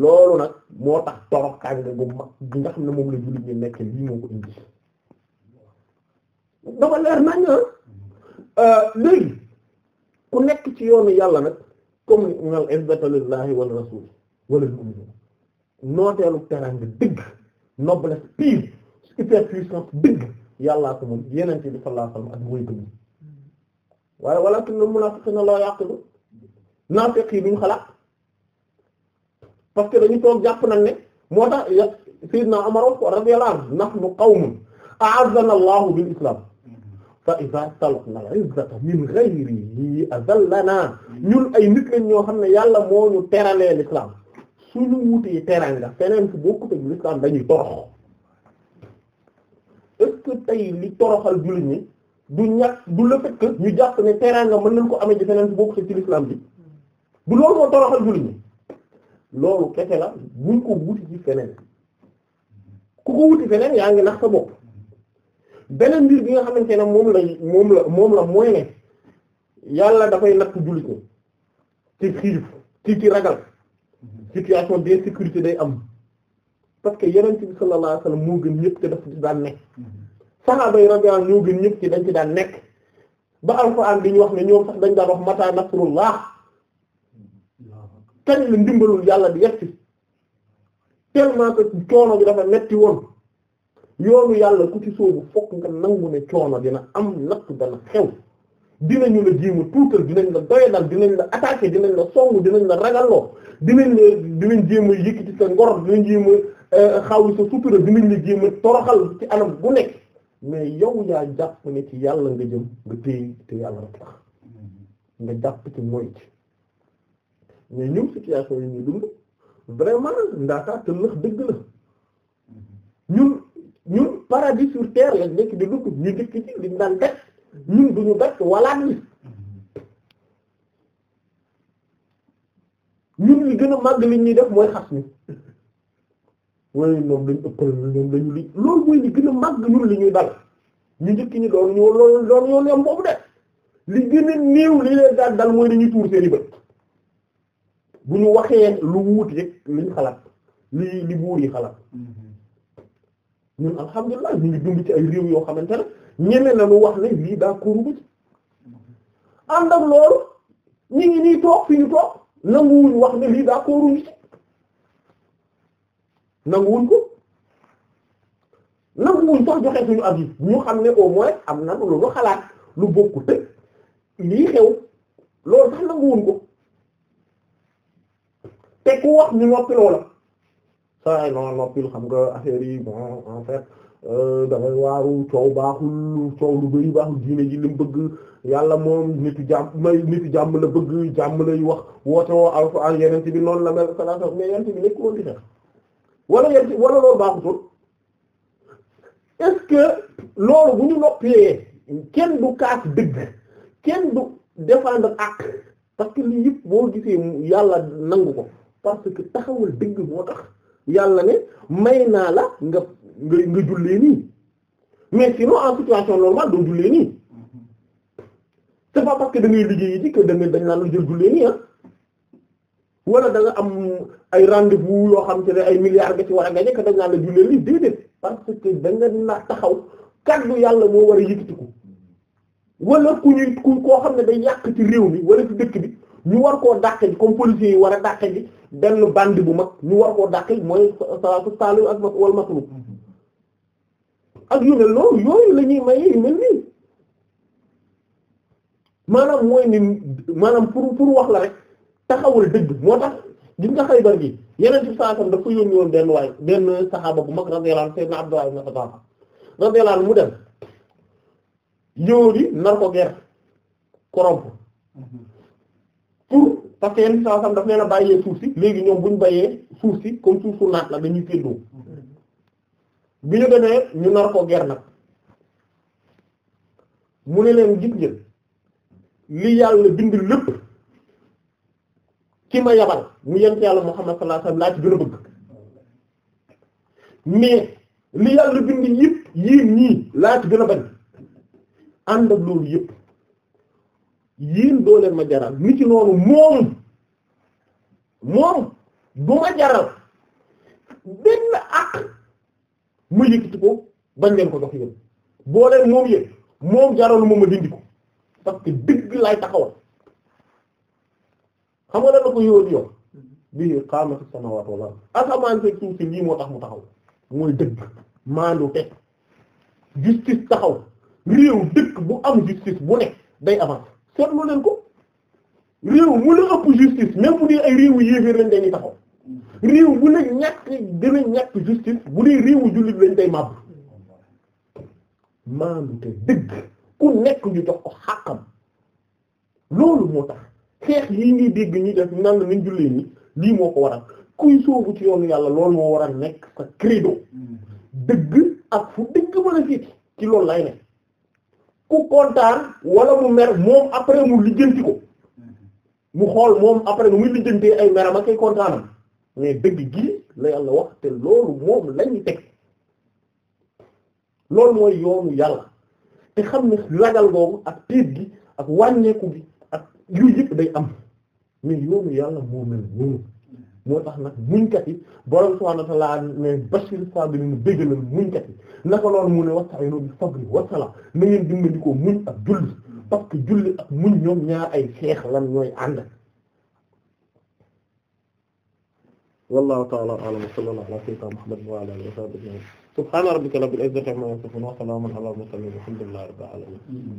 loolu nag moo tax torox kànga gu mag nga xam ne moom la jullit ñu nekk lii moo ko indi dafa leer nañ ah. euh, léegi ku nekk ci yoonu yàlla nag comme nal izzatu lillahi wal rasul wala mu'minin nooteelu teranga dëgg noblesse pure hyperpuissance dëgg yàllaa ko moom yenente bi sallallahu alayhi wasallam ak mooy gëm waaye walakinna munaafiqiina laa yaqilu naafiq yi duñ xalaat parce que dañu toog jàpp nag ne moo tax sayyidna Umar wax ko radiyallahu anhu nahnu qawmun a'azzana Allahu bil islam fa idha talaqna al-izzata min ghayrihi azallana ñun ay nit lañ ñoo xam ne yàlla moo ñu teralee l'islam suñu wutee teranga feneen fu bokkut ak l'islam dañuy torox est-ce tey li toroxal jullit ñi du ñàkk du le fait ñu jàpp ne teraanga mën nañ ko amee ci feneen bokk ci l'islam bi du loolu moo toroxal jullit ñi loolu kese la buñ ko wuti ci feneen ku ko wuti feneen yaa ngi nax sa bopp beneen mbir bi nga xamante ne moom la moom la moom la mooy ne yàlla dafay natt jullit ñi ci xiif ci ci ragal situation d'insécurité day am parce que yonent bi sallallahu alayhi wasallam moo gën ñëpp te dafa ci daan nekk mhm. sahaaba yi ñoo gën ñëpp ci dañ ci daan nekk ba alxuraan di ñu wax ne ñoom sax dañ daan wax mata nasrullah kañ la ndimbalul yàlla di yetti tellement que coono bi dafa metti woon yoonu yàlla ku ci sóobu fokk nga nangu ne coono dina am natt dana xew dinañu la jéema tuutal dinañ la doyadal dinañ la attaquer dinañ la songu dinañ la ragalloo dinañ la dinañ jéem Euh, xaw sa sutura dinañ la jéem a toroxal ci anam gu nekk mais yow yaa jàpp ne ci yàlla nga jëm nga téye te yàlla rek tax nga jàpp ci mooy ci mais ñun situation yi ñuy dund vraiment ndaataa te dëgg la ñun ñun paradis sur terre la nekk di dund ñu dëkk ci di naan def ñun duñu def walaat ni ñun li gën a màgg li ñuy def mooy xas ni waaye ñoom dañ ëppal ñoom li loolu mooy li gën a màgg ñun li ñuy dal ñu njëkk ñi doon ñoo loolu doon yoon boobu de li gën a néew li leen daal dal mooy dañuy tuur seen bët bu ñu waxee lu wuute rek liñ xalaat li li buur yi xalaat mm-hmm. ñun alhamdulilah ñu ngi dund ci ay réew yoo xamante ne ñeme na lu wax ne lii daa ko ci mm-hmm. ànd ak loolu ñu ngi nii toog fi ñu toog nanguwuñ wax ne lii daa kóorugu ci nanguwuñ ko nanguwuñ sax joxe suñu avis ñu xam ne au moins am na lu xalaat lu bokku te lii xew loolu sax nanguwuñ ko te ku wax ñu noppi loola saa yi non noppil xam nga affaire yi bon en fait euh, dafay waaru coow baaxul coow lu bari baaxul diine ji bëgg yàlla moom nitu jàmm may nitu jàmm la bëgg jàmm lay wax woote woo alxuraan yeneen bi noonu la mel sallallahu alayhi wasallam mais yeneen bi di xeex wala yegg wala loolu baaxutul est-ce que loolu bu ñu noppee kenn du kaas dëgg kenn du défendre ak parce que lii yëpp boo gisee yàlla nangu ko parce que taxawal dëgg moo tax yàlla ne may naa la nga nga nga jullee nii mais sinon en situation normale doo jullee nii c'est pas parce que da liggéey yi di que da nga dañ naan la jël jullee nii ah wala da nga am ay rendez bu yoo xam te ne ay milliards nga ci war a gañe que dañ naan la jullee lii déedéet parce que da nga na taxaw kaddu yàlla moo war a yëkkatiku wala ku ñuy ku koo xam ne day yàq ci réew mi wala ci dëkk bi ñu war koo dàq ji comme policiers yi war a dàq ji benn bande bu mag ñu war koo dàq ji mooy salaatu saali ak wal matlub ak yu mel yooyu la ñuy maye yu mel nii maanaam mooy ni maanaam pour pour wax la rek taxawul dëgg moo tax gis nga Xaybar gi yeneen ci saasam dafa yónni woon benn waay benn saxaaba bu mag radiyallahu anhu sayyidina Abdullah ibn Abbas radiyallahu anhu mu dem yóori nar ko ger koromp pour parce que yenn ci saasam daf leen a bàyyee suuf si léegi ñoom bu ñu bàyyee suuf si comme suuf su naat la dañuy séddoo bi ñu demee ñu nar ko ger nag mu ne leen gis ngeen li yàlla bind lépp ki ma yabal mu yent yàlla Muhammad sallallahu alayhi wasallam laa ci gën a bëgg mais li yàlla bind yëpp yéen ñii laa ci gën a bañ ànd ak loolu yëpp yéen doo leen ma jaral ni ci noonu moom moom du jaral benn ak mu yëkkati ko bañ leen ko jox yéen boo leen moom yëpp moom jaralu ma ma dindi ko parce que dëgg laay taxawal xam nga dana ko yóbbu yow mm-hmm. bii qaamati samaawaat wal ard asamaan seeg suuf si lii moo tax mu taxaw mooy dëgg maandu te justice taxaw réew dëkk bu am justice bu ne day avance seetlu leen ko réew mu la ëpp justice même bu dee ay réewu yéeféer lañ dañuy taxaw mm-hmm. réew bu la ñàkk gën a ñàkk justice bu dee lañ day màbb maandu te dëgg ku nekk ñu jox ko xàqam loolu moo tax. xeex yi ngi dégg ñu def nan la nañ jullee nii lii moo ko waral kuy soobu ci yoonu yàlla loolu moo waral nekk sa credo dëgg ak fu dëgg mën a fiiti ci loolu lay ne ku kontaan mu mer moom après mu ko mu xool moom après muy lijjantee ay meram ak ay kontaanam mais dëgg gi la yàlla wax te loolu moom lañu teg loolu mooy yoonu yàlla te xam ne ragal googu ak tiit gi ak wàññeeku bi yooyu yëpp day am mais yoonu yàlla moo mel noonu moo tax nag muñkat yi borom subhaanahu wa ta'aala ne bashir saabiriin mu déggalal muñkat yi naka loolu mu ne wasta'inu bi sabri wa salaa na ngeen dimbali ko muñ ak julli parce que julli ak muñ ñoom ñaar ay xeex lan ñooy ànd. wallahu a'lam wa sallallahu ala sayyidina Muhammadin wa mu alihi wa sahbihi subhaana rabbika rabbil izzati amma yasifun wa salaamun ala al mursalin walhamdulillahi rabbil alamin